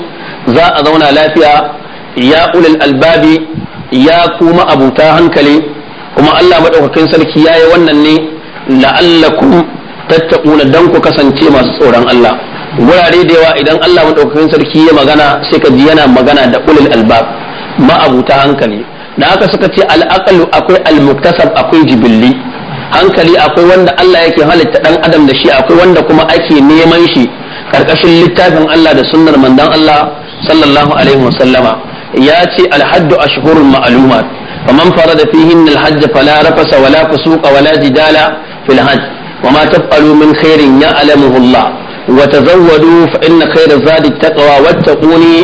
S1: za a zauna lafiya ya ulul albabi ya kuma abuta hankali kuma Allah madaukakin sarki ya yayi wannan ne la'allakum tattauna dan ku kasance masu tsoron Allah wurare da yawa idan Allah madaukakin sarki ya magana sai ka ji yana magana da ulul albab abuta hankali da haka suka ce al'aqalu akwai al akwai jibilli hankali akwai wanda Allah yake halitta dan adam da shi akwai wanda kuma ake neman shi karkashin littafin Allah da sunnar mandan Allah sallallahu alaihi wasallama ya ce alhaddu ashhurul ma'lumat faman farada fihin alhajj fala rafasa wala fusuqa wala jidala fil hajj وما تفعلوا من خير يعلمه الله وتزودوا فإن خير الزاد التقوى واتقوني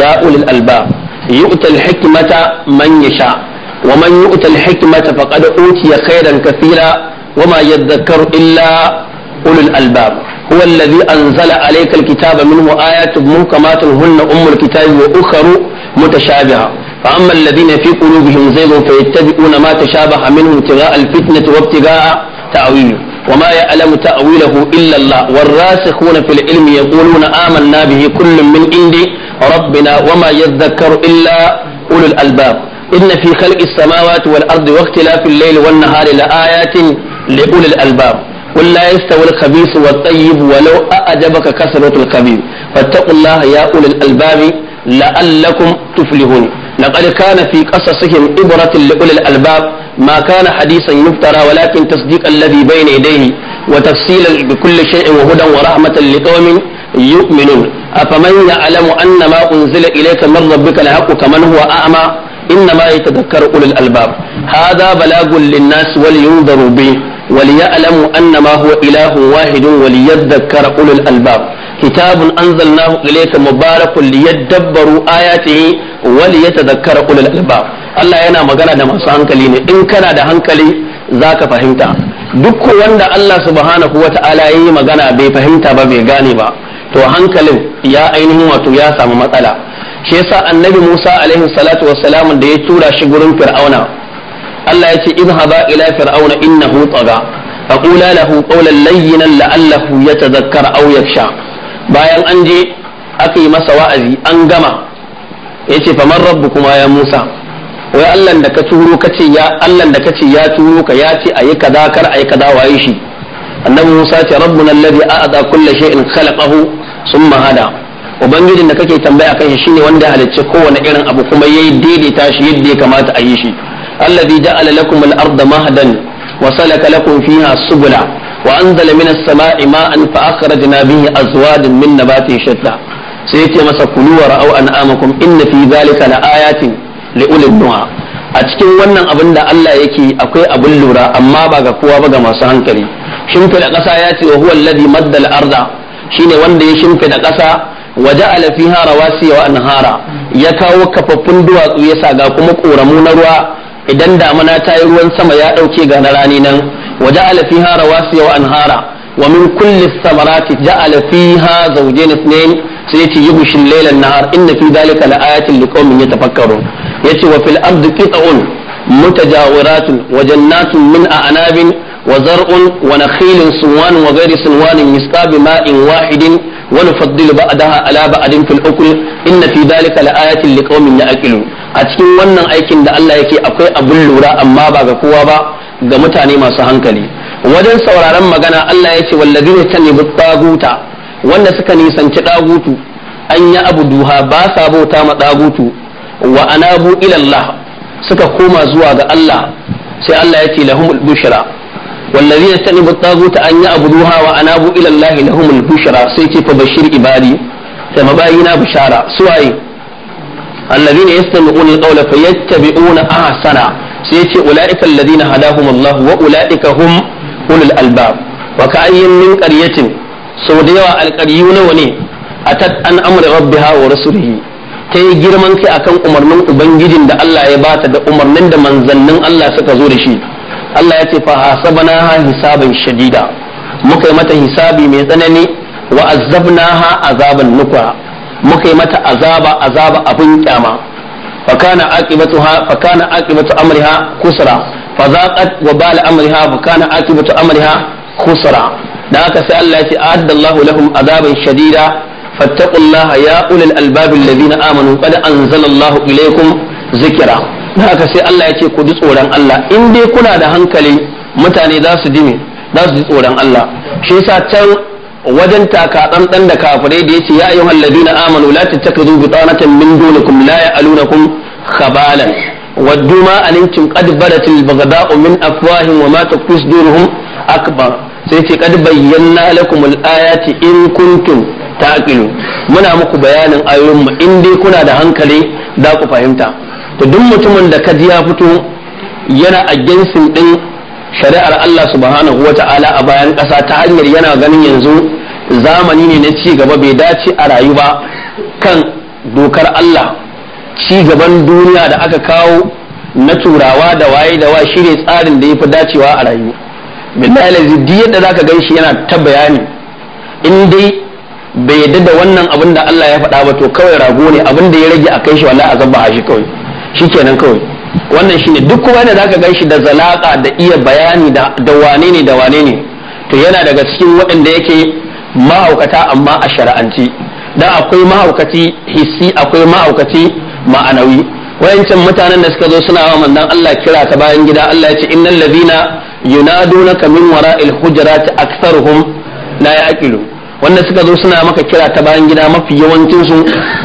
S1: يا أولي الألباب يؤتى الحكمة من يشاء ومن يؤتى الحكمة فقد أوتي خيرا كثيرا وما يذكر إلا اولي الألباب هو الذي أنزل عليك الكتاب منه آيات محكمات هن أم الكتاب وأخر متشابهة فأما الذين في قلوبهم زيغ فيتبعون ما تشابه منه ابتغاء الفتنة وابتغاء تأويله وما يعلم تأويله إلا الله والراسخون في العلم يقولون آمنا به كل من عند ربنا وما يذكر إلا أولو الألباب إن في خلق السماوات والأرض واختلاف الليل والنهار لآيات لأولي الألباب قل لا يستوي الخبيث والطيب ولو أعجبك كثرة الخبيث فاتقوا الله يا أولي الألباب la'allakum tuflihun laqad kana fi qasasihim ibratun li ulil albab ma na hadisan yuftara walakin tasdiq alladhi bayna yadayhi wa tafsilan bi kulli shay'in wa hudan wa rahmatan liqaumin yu'minun afaman alamu anna ma unzila ilayka min rabbika al-haqqu kaman huwa a'ma innama yatadhakkaru ulul albab hadha balagun lin-nas wal yunzaru bihi وليعلموا أن ما هو إله واحد وليذكر أولو الألباب كتاب أنزلناه إليك مبارك ليدبروا آياته وليتذكر أولو الألباب Allah yana magana da masu hankali ne in kana da hankali za ka fahimta duk wanda Allah subhanahu wa ta'ala ya yi magana bai fahimta ba bai gane ba to hankalin ya ainihin wato ya samu matsala shi yasa annabi Musa alaihi salatu wassalam da ya tura shi gurin Fir'auna Allah ya ce idhaba ila fir'auna innahu tagha faqula lahu qawlan layyinan la'allahu yatadhakkar aw yakhsha bayan an je aka yi masa wa'azi an gama yace faman rabbukuma ya Musa wai Allah da ka turo ka ya Allah da kace ya turo ka ya ce ayi kaza kar ayi kaza waye shi annabi Musa ce rabbuna alladhi a'ata kulli shay'in khalaqahu summa hada ubangijin da kake tambaya kan shi shine wanda halicce kowane irin abu kuma yayi daidaita shi yadda ya kamata a yi shi alladhi ja'ala lakum al-ardha mahdan wa salaka lakum fiha subula wa anzala min as-sama'i ma'an fa akhrajna bihi azwajan min nabatin shatta sai yace masa kulu wa ra'aw an'amakum inna fi dhalika la'ayatin li'ulil nuha a cikin wannan abin da Allah yake akwai abin lura amma ba ga kowa ba ga masu hankali shimfida ƙasa ya ce wa huwa alladhi madda al-ardha shine wanda ya shimfida ƙasa وجعل فيها رواسي وانهارا ya kawo kafaffun duwatsu ya sa ga kuma ƙoramu na ruwa idan damuna ta yi ruwan sama ya ɗauke ga na rani nan wa ja'ala fiha rawasiya wa anhara wa min kulli samarati ja'ala fiha zawjayn ithnayn sai yace yughshil layla an-nahar inna fi dhalika la'ayatin liqaumin yatafakkarun yace wa fil ardi qit'un mutajawiratun wa jannatun min a'nabin وزرع ونخيل صنوان وغير صنوان يسقى بماء واحد ونفضل بعدها على بعد في الأكل إن في ذلك لآية لقوم يأكلون أتكين ونن أيكين دا الله يكي أكوي أبل لورا أما با كوا با غمتاني ما سهنكلي وجن رمى مغانا الله يكي والذين تنبوا الطاغوتا wanda suka nisanci ɗagutu an yi abu duha ba sa bauta ma ɗagutu wa anabu ilallah suka koma zuwa ga Allah sai Allah ya ce lahumul bushra wallazi ya sani buttaguta an yi abu duha wa anabu ila Allah lahumul bushra sai ce fa bashir ibadi sai mabayina bushara suwaye allazina yastami'una alqawla fayattabi'una ahsana sai ce ulaika alladhina hada Allah wa ulaika hum ulul albab wa ka'ayyin min qaryatin sau da yawa alqaryu nawa ne atat an amra rabbiha wa rasulihi ta yi girman kai akan umarnin ubangijin da Allah ya bata da umarnin da manzannin Allah suka zo da shi Allah ya ce fa ha hisaban shadida muka yi mata hisabi mai tsanani wa ha azaban nukra muka yi mata azaba azaba abin kyama fa kana aqibatuha fa kana amriha kusra fa zaqat wa bal amriha fa kana amriha kusra da haka sai Allah ya ce addallahu lahum azaban shadida fattaqullaha ya ulil albab alladhina amanu qad anzalallahu ilaykum zikira. da haka sai Allah ya ce ku ji tsoron Allah in dai kuna da hankali mutane za su dime za su ji tsoron Allah shi yasa can wajen taka dan da kafirai da yace ya ayyuhal ladina amanu la tattakhudhu bitanatan min dunikum la ya'lunakum khabalan waddu ma anintum qad badatil baghda'u min afwahihim wa ma takfus akbar sai ce qad bayyana lakum al-ayati in kuntum taqilu muna muku bayanin ayoyin mu in dai kuna da hankali za ku fahimta to duk mutumin da kaji ya fito yana a ginsin din shari'ar Allah subhanahu ta'ala a bayan ƙasa ta hanyar yana ganin yanzu zamani ne na ci gaba bai dace a rayu ba kan dokar Allah ci gaban duniya da aka kawo na turawa da waye da wa shine tsarin da ya fi dacewa a rayu billahi lazi duk yadda zaka gan shi yana ta bayani in dai bai yadda da wannan abin da Allah ya faɗa ba to kawai rago ne abin da ya rage a kai shi wallahi azabba shi kawai shikenan kawai wannan shine duk kuma da zaka gan shi da zalaka da iya bayani da wane ne da wane ne to yana daga cikin waɗanda yake mahaukata amma a shari'anci da akwai mahaukaci hissi akwai mahaukaci ma'anawi wayancin mutanen da suka zo suna wa manzon Allah kira ta bayan gida Allah ya ce innal ladina yunadunaka min wara'il hujurati aktharuhum la yaqilu wanda suka zo suna maka kira ta bayan gida mafi yawancin su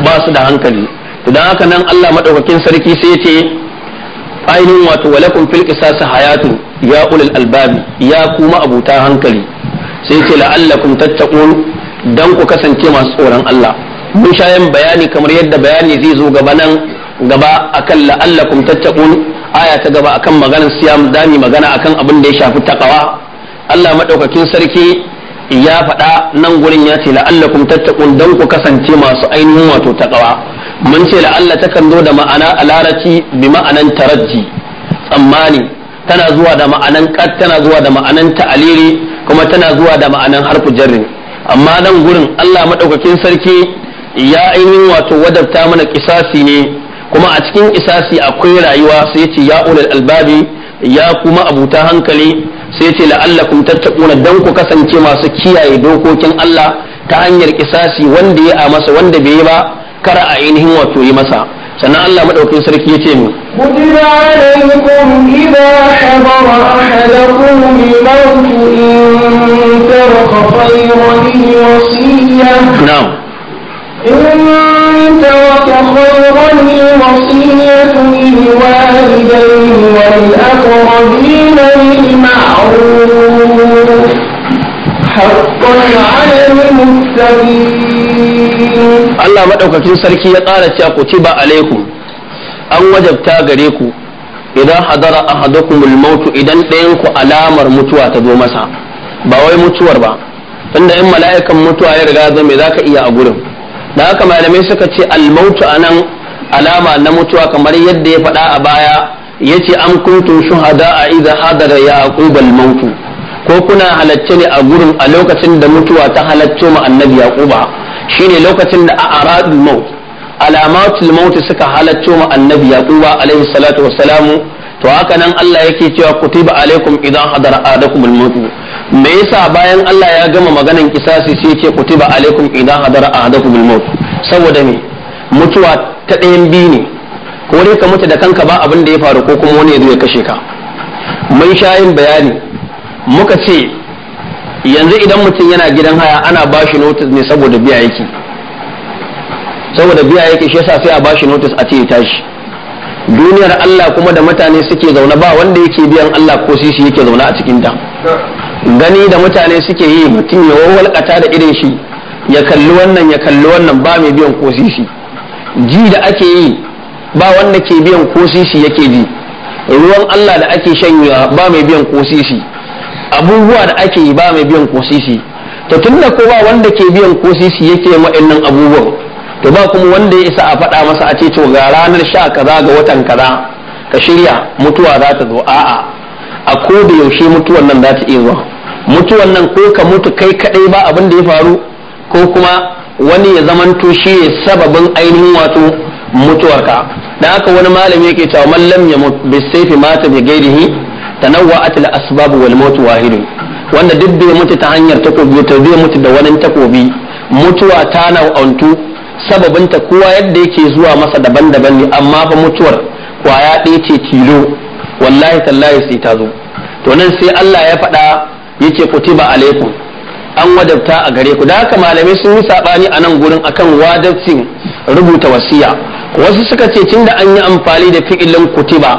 S1: ba su da hankali idan haka nan Allah madaukakin sarki sai ce ainihin wato walakum fil qisas Hayatu ya ulul albabi ya kuma abuta hankali sai ce la'allakum tattaqun dan ku kasance masu tsoron Allah mun sha yin bayani kamar yadda bayani zai zo gaba nan gaba akan la'allakum tattaqun aya ta gaba akan maganar siyam dami magana akan abin da ya shafi takawa Allah madaukakin sarki ya faɗa nan gurin ya ce la'allakum tattaqun dan ku kasance masu ainihin wato takawa mun ce la'alla takan zo da ma'ana a laraci bi ma'anan taraji tsammani tana zuwa da ma'anan kat tana zuwa da ma'anan ta'aliri kuma tana zuwa da ma'anan harfu jarri amma nan gurin Allah madaukakin sarki ya ainihin wato wadabta mana kisasi ne kuma a cikin kisasi akwai rayuwa sai ce ya ulal albabi ya kuma abuta hankali sai ce la'allakum tattaquna dan ku kasance masu kiyaye dokokin Allah ta hanyar kisasi wanda ya a wanda bai yi ba kar ainihin wato yi masa sannan Allah madaukakin sarki ya ce mu كتب عليكم إذا حضر أحدكم الموت إن ترك خيرا الوصية نعم إن ترك خيرا الوصية للوالدين والأقربين بالمعروف حقا على المتقين Allah madaukakin sarki ya ƙara cewa ku ci ba alaikum an wajabta gare ku idan hadara ahadakumul mautu idan ɗayan ku alamar mutuwa ta zo masa ba wai mutuwar ba tunda in mala'ikan mutuwa ya riga zo me zaka iya a gurin da haka malamai suka ce a anan alama na mutuwa kamar yadda ya faɗa a baya yace an kuntum shuhada a idza hadara yaqub almautu ko kuna halacce ne a gurin a lokacin da mutuwa ta halacce mu annabi yaquba shine lokacin da a aradul maut alamatul maut suka halatto ma annabi yaquba alaihi salatu wassalamu to haka nan Allah yake cewa kutiba alaikum idan hadara adakumul maut me yasa bayan Allah ya gama maganan kisasi sai yake kutiba alaikum idan hadara adakumul maut saboda me mutuwa ta ɗayan biyu ne ko dai ka mutu da kanka ba abin da ya faru ko kuma wani ya zo ya kashe ka mun sha yin bayani muka ce yanzu idan mutum yana gidan haya ana ba shi notice ne saboda biya yake saboda biya yake shi yasa sai a ba shi notice a ce ya tashi duniyar Allah kuma da mutane suke zaune ba wanda yake biyan Allah ko sisi yake zaune a cikin ta gani da mutane suke yi mutum ya walwalkata da irin shi ya kalli wannan ya kalli wannan ba mai biyan ko sisi ji da ake yi ba wanda ke biyan ko sisi yake ji ruwan Allah da ake shanyewa ba mai biyan ko sisi abubuwa da ake yi ba mai biyan kosisi to tunda ko ba wanda ke biyan kosisi yake wa'annan abubuwan to ba kuma wanda ya isa a faɗa masa a ce to ga ranar sha kaza ga watan kaza ka shirya mutuwa za ta zo a'a a ko da yaushe mutuwan nan za ta iya zuwa mutuwan nan ko ka mutu kai kadai ba abin da ya faru ko kuma wani ya zamanto shi ne sababin ainihin wato mutuwarka da haka wani malami yake cewa mallam ya bisaifi mata bi gairihi tanawwa'at al-asbab wal maut wahid wanda duk bai mutu ta hanyar takobi ta zai mutu da wani takobi mutuwa ta nau'antu ta kowa yadda yake zuwa masa daban-daban ne amma fa mutuwar kwaya ɗaya ce tilo wallahi tallahi sai ta zo to nan sai Allah ya faɗa yace kutiba alaikum an wajabta a gare ku da haka malamai sun yi sabani a nan gurin akan wajabcin rubuta wasiya wasu suka ce tunda an yi amfani da fi'ilin kutiba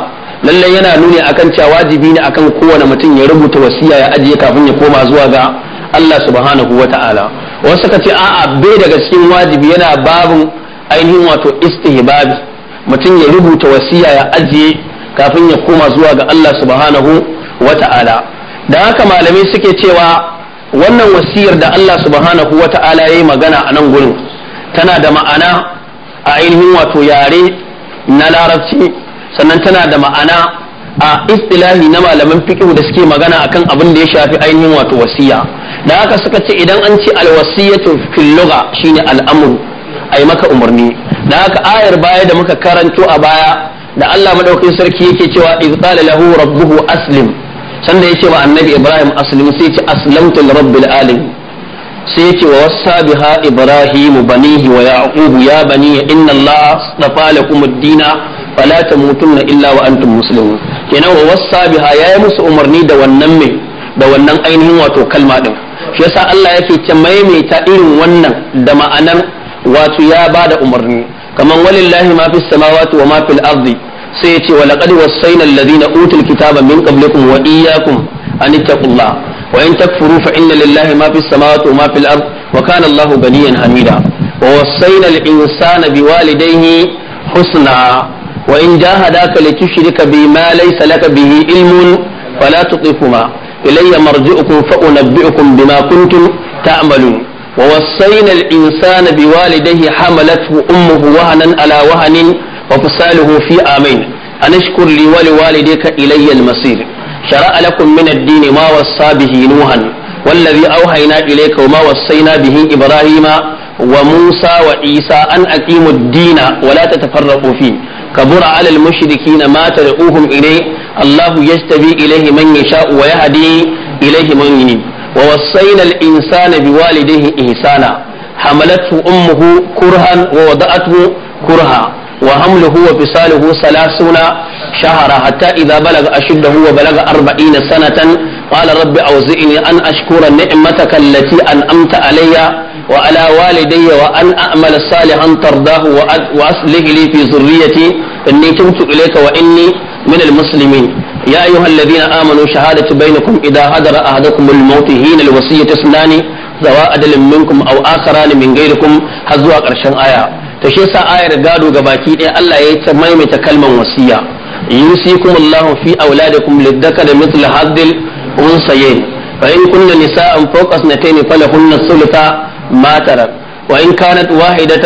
S1: lallai yana nuni akan cewa wajibi ne akan kowane mutum ya rubuta wasiya ya ajiye kafin ya koma zuwa ga Allah subhanahu wa ta'ala wasu suka ce a'a bai daga cikin wajibi yana babu ainihin wato istihbab mutum ya rubuta wasiya ya ajiye kafin ya koma zuwa ga Allah subhanahu wa ta'ala da haka malamai suke cewa wannan wasiyar da Allah subhanahu wa ta'ala ya yi magana a nan gurin tana da ma'ana a ainihin wato yare na larabci sannan tana da ma'ana a istilahi na malaman fiqh da suke magana akan abin da ya shafi ainihin wato wasiya da haka suka ce idan an ce alwasiyatu fil lugha shine al'amru ai maka umarni da haka ayar baya da muka karanto a baya da Allah madaukakin sarki yake cewa idh qala lahu rabbuhu aslim sanda yace wa annabi Ibrahim aslim sai ce aslamtu lirabbil alamin sai yace wa wassa biha ibrahimu banihi wa yaqubu ya bani inna allaha astafa lakum ad-dina fala na illa wa antum kenan wa wassa biha yayi musu umarni da wannan mai da wannan ainihin wato kalma din shi yasa Allah yake ta maimaita irin wannan da ma'anar wato ya bada umarni kaman walillahi ma fis samawati wa ma fil ardi sai yace wa laqad wassayna alladhina utul kitaba min qablikum wa iyyakum an ittaqullah wa in takfuru fa inna lillahi ma fis samawati wa ma fil ardi wa kana Allahu ganiyan hamida wa wassayna al insana biwalidayhi husna wa in jahadaka litushrika bima laysa laka bihi ilmun fala tuqifuma ilayya marji'ukum fa unabbi'ukum bima kuntum ta'malun wa wassayna al-insana biwalidayhi hamalathu ummuhu wahanan ala wahanin wa fisaluhu fi amain an ashkur li wa liwalidayka ilayya al-masir شرع لكم من الدين ما وصى به نوحا والذي أوحينا إليك وما وصينا به إبراهيم wa Musa wa Isa an aqimu ad-dina wa la tatafarraqu fi kabura 'ala al-mushrikeena ma tad'uuhum ilayhi Allahu yastabi ilayhi man yasha'u wa yahdi ilayhi man yunib wa wassayna al kurha. biwalidayhi ihsana wa wada'athu kurha وحمله وفصاله ثلاثون شهرا حتى إذا بلغ أشده وبلغ أربعين سنة قال رب أوزئني أن أشكر نعمتك التي أنعمت علي وعلى والدي وأن أعمل صالحا ترضاه وأصلح لي في ذريتي إني تبت إليك وإني من المسلمين يا أيها الذين آمنوا شهادة بينكم إذا هدر أحدكم الموت حين الوصية اثنان ذوا أدل منكم أو آخران من غيركم هزوا قرشن آية تشيسا آية قالوا قباكي إيه الله يتميم تكلم وصية يوصيكم الله في أولادكم للذكر مثل حظ الأنثيين فإن كن نساء فوق اثنتين فلهن الثلث ما ترك وإن كانت واحدة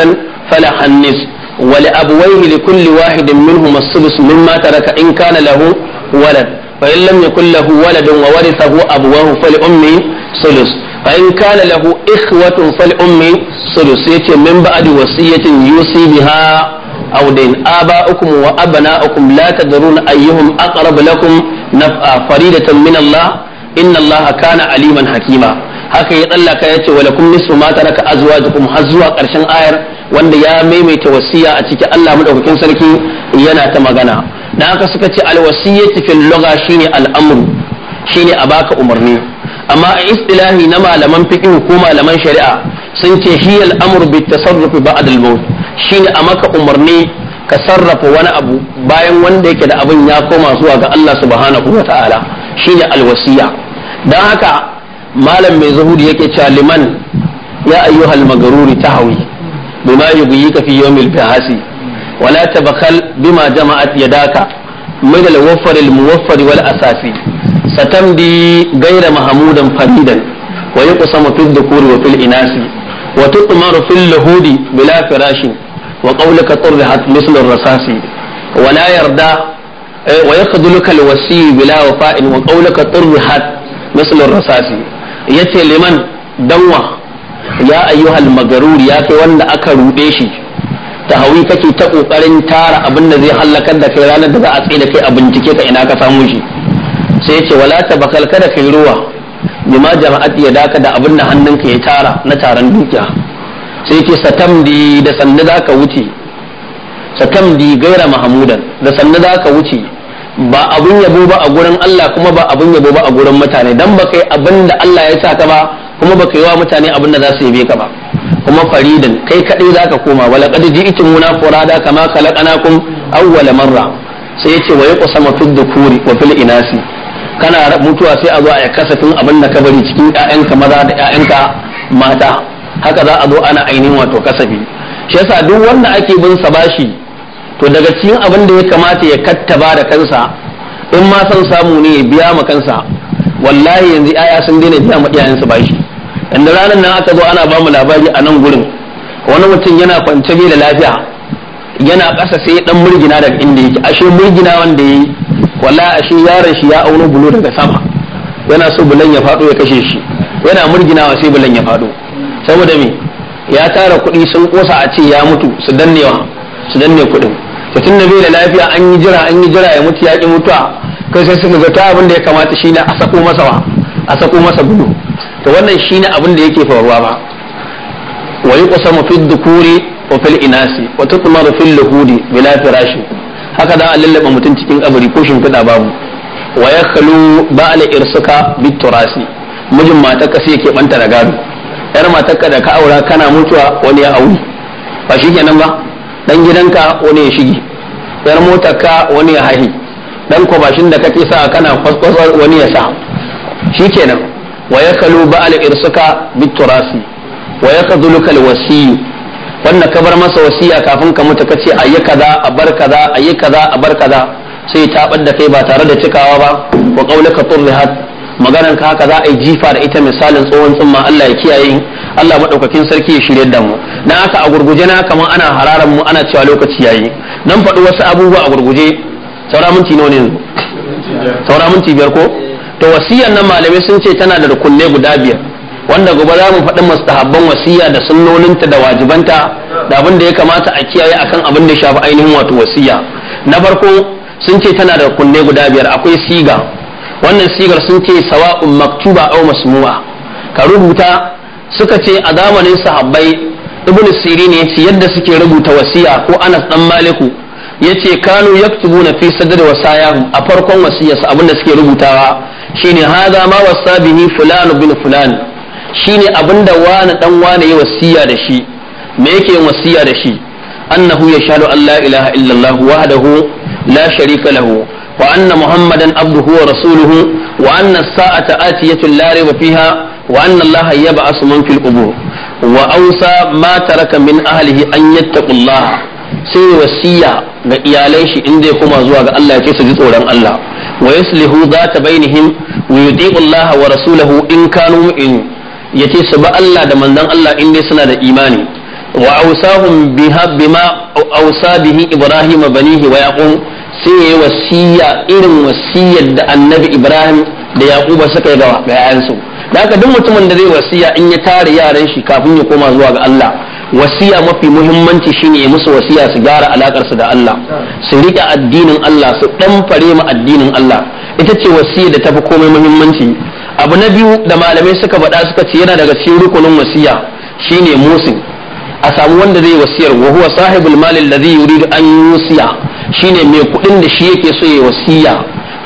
S1: فلها النصف ولأبويه لكل واحد منهما السدس مما ترك إن كان له ولد فإن لم يكن له ولد وورثه أبواه فلأمه ثلث فإن كان له إخوة فلأمه ثلث من بعد وصية يوصي بها أو دين آباؤكم وأبناؤكم لا تدرون أيهم أقرب لكم نفعا فريدة من الله إن الله كان عليما حكيما haka ya tsallaka ya ce wa lakum nisfu ma taraka azwajukum har zuwa karshen ayar wanda ya maimaita wasiya a cikin Allah madaukakin sarki yana ta magana dan haka suka ce alwasiyatu fil lugha shine al'amru shine a baka umarni amma a istilahi na malaman fiqh ko malaman shari'a sun ce hiya al'amru bit tasarruf ba'd al-maut shine a maka umarni ka sarrafa wani abu bayan wanda yake da abin ya koma zuwa ga Allah subhanahu wa ta'ala shine alwasiya dan haka malam mai zuhudi yake cewa liman ya ayyuhal magaruri tahawi bima yughiyika fi yawmil bahasi wala tabakal bima jama'at yadaka min al-waffar al-muwaffar wal asasi satamdi ghayra mahmudan faridan wa yuqsamu fi dhukuri wa fil inasi wa tutmaru fil lahudi bila firashin wa qawluka turhat misl ar-rasasi ولا يرضى ويخذلك الوسي بلا وفاء وقولك طرحت مثل الرصاص Ya ce liman danwa ya ayyuhal magarur ya kai wanda aka rude shi ta hawi kake ta kokarin tara abin da zai halakar da kai ranar da za a tsaye da kai a bincike ka ina ka samu shi sai ce wala bakal kada kai ruwa ma jama'at ya daka da abin da hannunka ya tara na taron dukiya sai ce satamdi da zaka wuce satamdi gaira mahamudan da sannu zaka wuce ba abun yabo ba a gurin Allah kuma ba abun yabo ba a gurin mutane dan ba kai abin da Allah ya sa ka ba kuma ba kai wa mutane abin da za su yabe ka ba kuma faridin kai kadai ka koma wala qad ji'tumuna furada kama khalaqnakum awwala marra sai yace wa yaqsamu fid dhukuri wa fil inasi kana mutuwa sai a zo a kasafin abin da ka bari cikin ƴaƴanka maza da ƴaƴanka mata haka za a zo ana ainihin wato kasafi shi yasa duk wanda ake bin sa bashi to daga cikin abin da ya kamata ya kattaba da kansa in ma san samu ne ya biya ma kansa wallahi yanzu yaya sun daina biya ma iyayensu bashi inda ranar nan aka zo ana ba mu labari a nan gurin wani mutum yana kwance bai da lafiya yana ƙasa sai dan murgina daga inda yake ashe murgina wanda yayi wallahi ashe yaron shi ya auno bulo daga sama yana so bulan ya faɗo ya kashe shi yana murginawa sai bulan ya faɗo saboda me ya tara kuɗi sun kosa a ce ya mutu su wa su danne kuɗin mutum da bai da lafiya an yi jira an yi jira ya mutu ya mutuwa kai sai suka ga ta abin da ya kamata shine a sako masa wa a sako masa gudu to wannan shine abin da yake faruwa ba wa yuqsamu fi dhukuri wa fil inasi wa tutmaru fil luhudi bila firashi haka da an lallaba mutum cikin kabari ko shimfiɗa babu wa yakhlu ba'al irsuka bit turasi mijin matarka sai yake banta da gado yar matarka da ka aura kana mutuwa wani ya auri ba shikenan ba dan gidanka wani ya shige yar motarka wani ya hahi dan kwabashin da kake sa kana kwaskwasa wani ya sa shikenan wa yakalu ba'al irsuka biturasi wa yakdhuluka alwasiy wanda ka bar masa wasiya kafin ka mutu kace ayi kaza a bar kaza ayi kaza a bar kaza sai ta da kai ba tare da cikawa ba wa qaulaka turrihat maganar ka haka za a yi jifa da ita misalin tsohon tsumma Allah ya kiyaye Allah madaukakin sarki ya shirye da mu dan haka a gurguje na kaman ana hararan mu ana cewa lokaci yayi nan faɗi wasu abubuwa a gurguje saura minti nawa ne yanzu saura minti biyar ko to wasiyar nan malamai sun ce tana da rukunne guda biyar wanda gobe za mu faɗi mustahabban wasiya da sunnoninta da wajibanta da abin da ya kamata a kiyaye akan abin da ya shafi ainihin wato wasiya na farko sun ce tana da kunne guda biyar akwai siga wannan sigar sun ce sawa'un maktuba aw masmuma ka rubuta suka ce a zamanin sahabbai ibnu sirin ce yadda suke rubuta wasiya ko Anas dan Maliku Ya yace kanu yaktubuna fi wasa wasayahum a farkon wasiyarsa abinda suke rubutawa shine hadha ma wasa bihi fulan bin fulan shine abinda wani dan wani ya wasiya da shi me yake wasiya da shi annahu yashhadu an la ilaha illallah wahdahu la sharika lahu وأن محمدا عبده ورسوله وأن الساعة آتية لا ريب فيها وأن الله يبعث من في القبور وأوصى ما ترك من أهله أن يتقوا الله sai wasiya ga iyalai shi in zai kuma zuwa ga Allah ce su ji tsoron Allah wa yuslihu zata bainihim wa yutiqu Allah wa rasulahu in kanu mu'min yace su ba Allah da manzon Allah in dai suna da imani wa awsahum biha bima awsa bihi ibrahim banihi wa yaqub sai ya wasiya irin wasiyar da annabi ibrahim da yaquba suka yi ga yayansu da haka duk mutumin da zai wasiya in ya tare yaran shi kafin ya koma zuwa ga Allah wasiya mafi muhimmanci shine ya musu wasiya su gyara alakar su da Allah su rike addinin Allah su dan ma addinin Allah ita ce wasiya da tafi komai muhimmanci abu na biyu da malamai suka faɗa suka ce yana daga cikin rukunin wasiya shine musin a samu wanda zai wasiyar wa huwa sahibul mal alladhi yuridu an yusiya shine mai kuɗin da shi yake so ya wasiya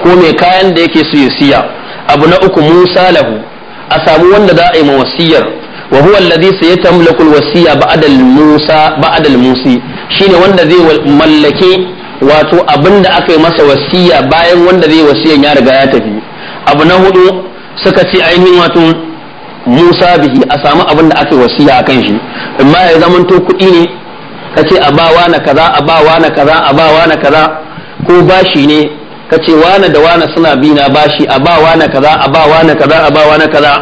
S1: ko mai kayan da yake so ya siya abu na uku musa lahu a samu wanda za a yi ma wasiyar wa huwa alladhi sayatamlaku alwasiya ba'da musa ba'da shi shine wanda zai mallake wato abinda aka yi masa wasiya bayan wanda zai wasiyan ya riga ya tafi abu na hudu suka ce ainihin wato musa bihi a samu abin da aka yi wasiya akan shi amma ya zamanto kuɗi ne ka ce a ba na kaza a ba na kaza a ba na kaza ko bashi ne ka ce wane da wane suna bi na bashi a ba na kaza a ba na kaza a ba na kaza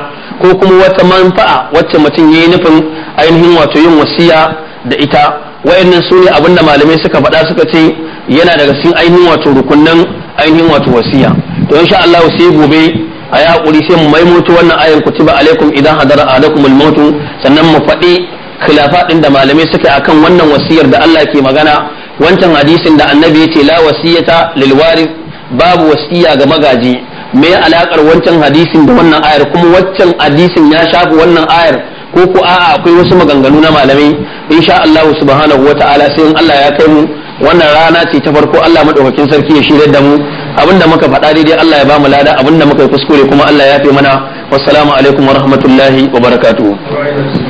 S1: ko kuma wata manfa'a wacce mutum ya yi nufin ainihin wato yin wasiya da ita wayannan su ne abinda malamai suka faɗa suka ce yana daga cikin ainihin wato rukunnan ainihin wato wasiya to insha Allah sai gobe a yi hakuri sai mu maimaito wannan ayan kutiba alaikum idan hadara alaikum al sannan mu faɗi khilafa din da malamai suka akan wannan wasiyar da Allah ke magana wancan hadisin da annabi ce la wasiyata lil warith babu wasiya ga magaji me alakar wancan hadisin da wannan ayar kuma waccan hadisin ya shafi wannan ayar ko ko a'a akwai wasu maganganu na malamai insha Allah subhanahu wataala sai in Allah ya kai mu wannan rana ce ta farko Allah madaukakin sarki ya shirye da mu abinda muka faɗa daidai Allah ya ba mu lada abinda muka yi kuskure kuma Allah ya fi mana wassalamu alaikum wa rahmatullahi wa barakatu.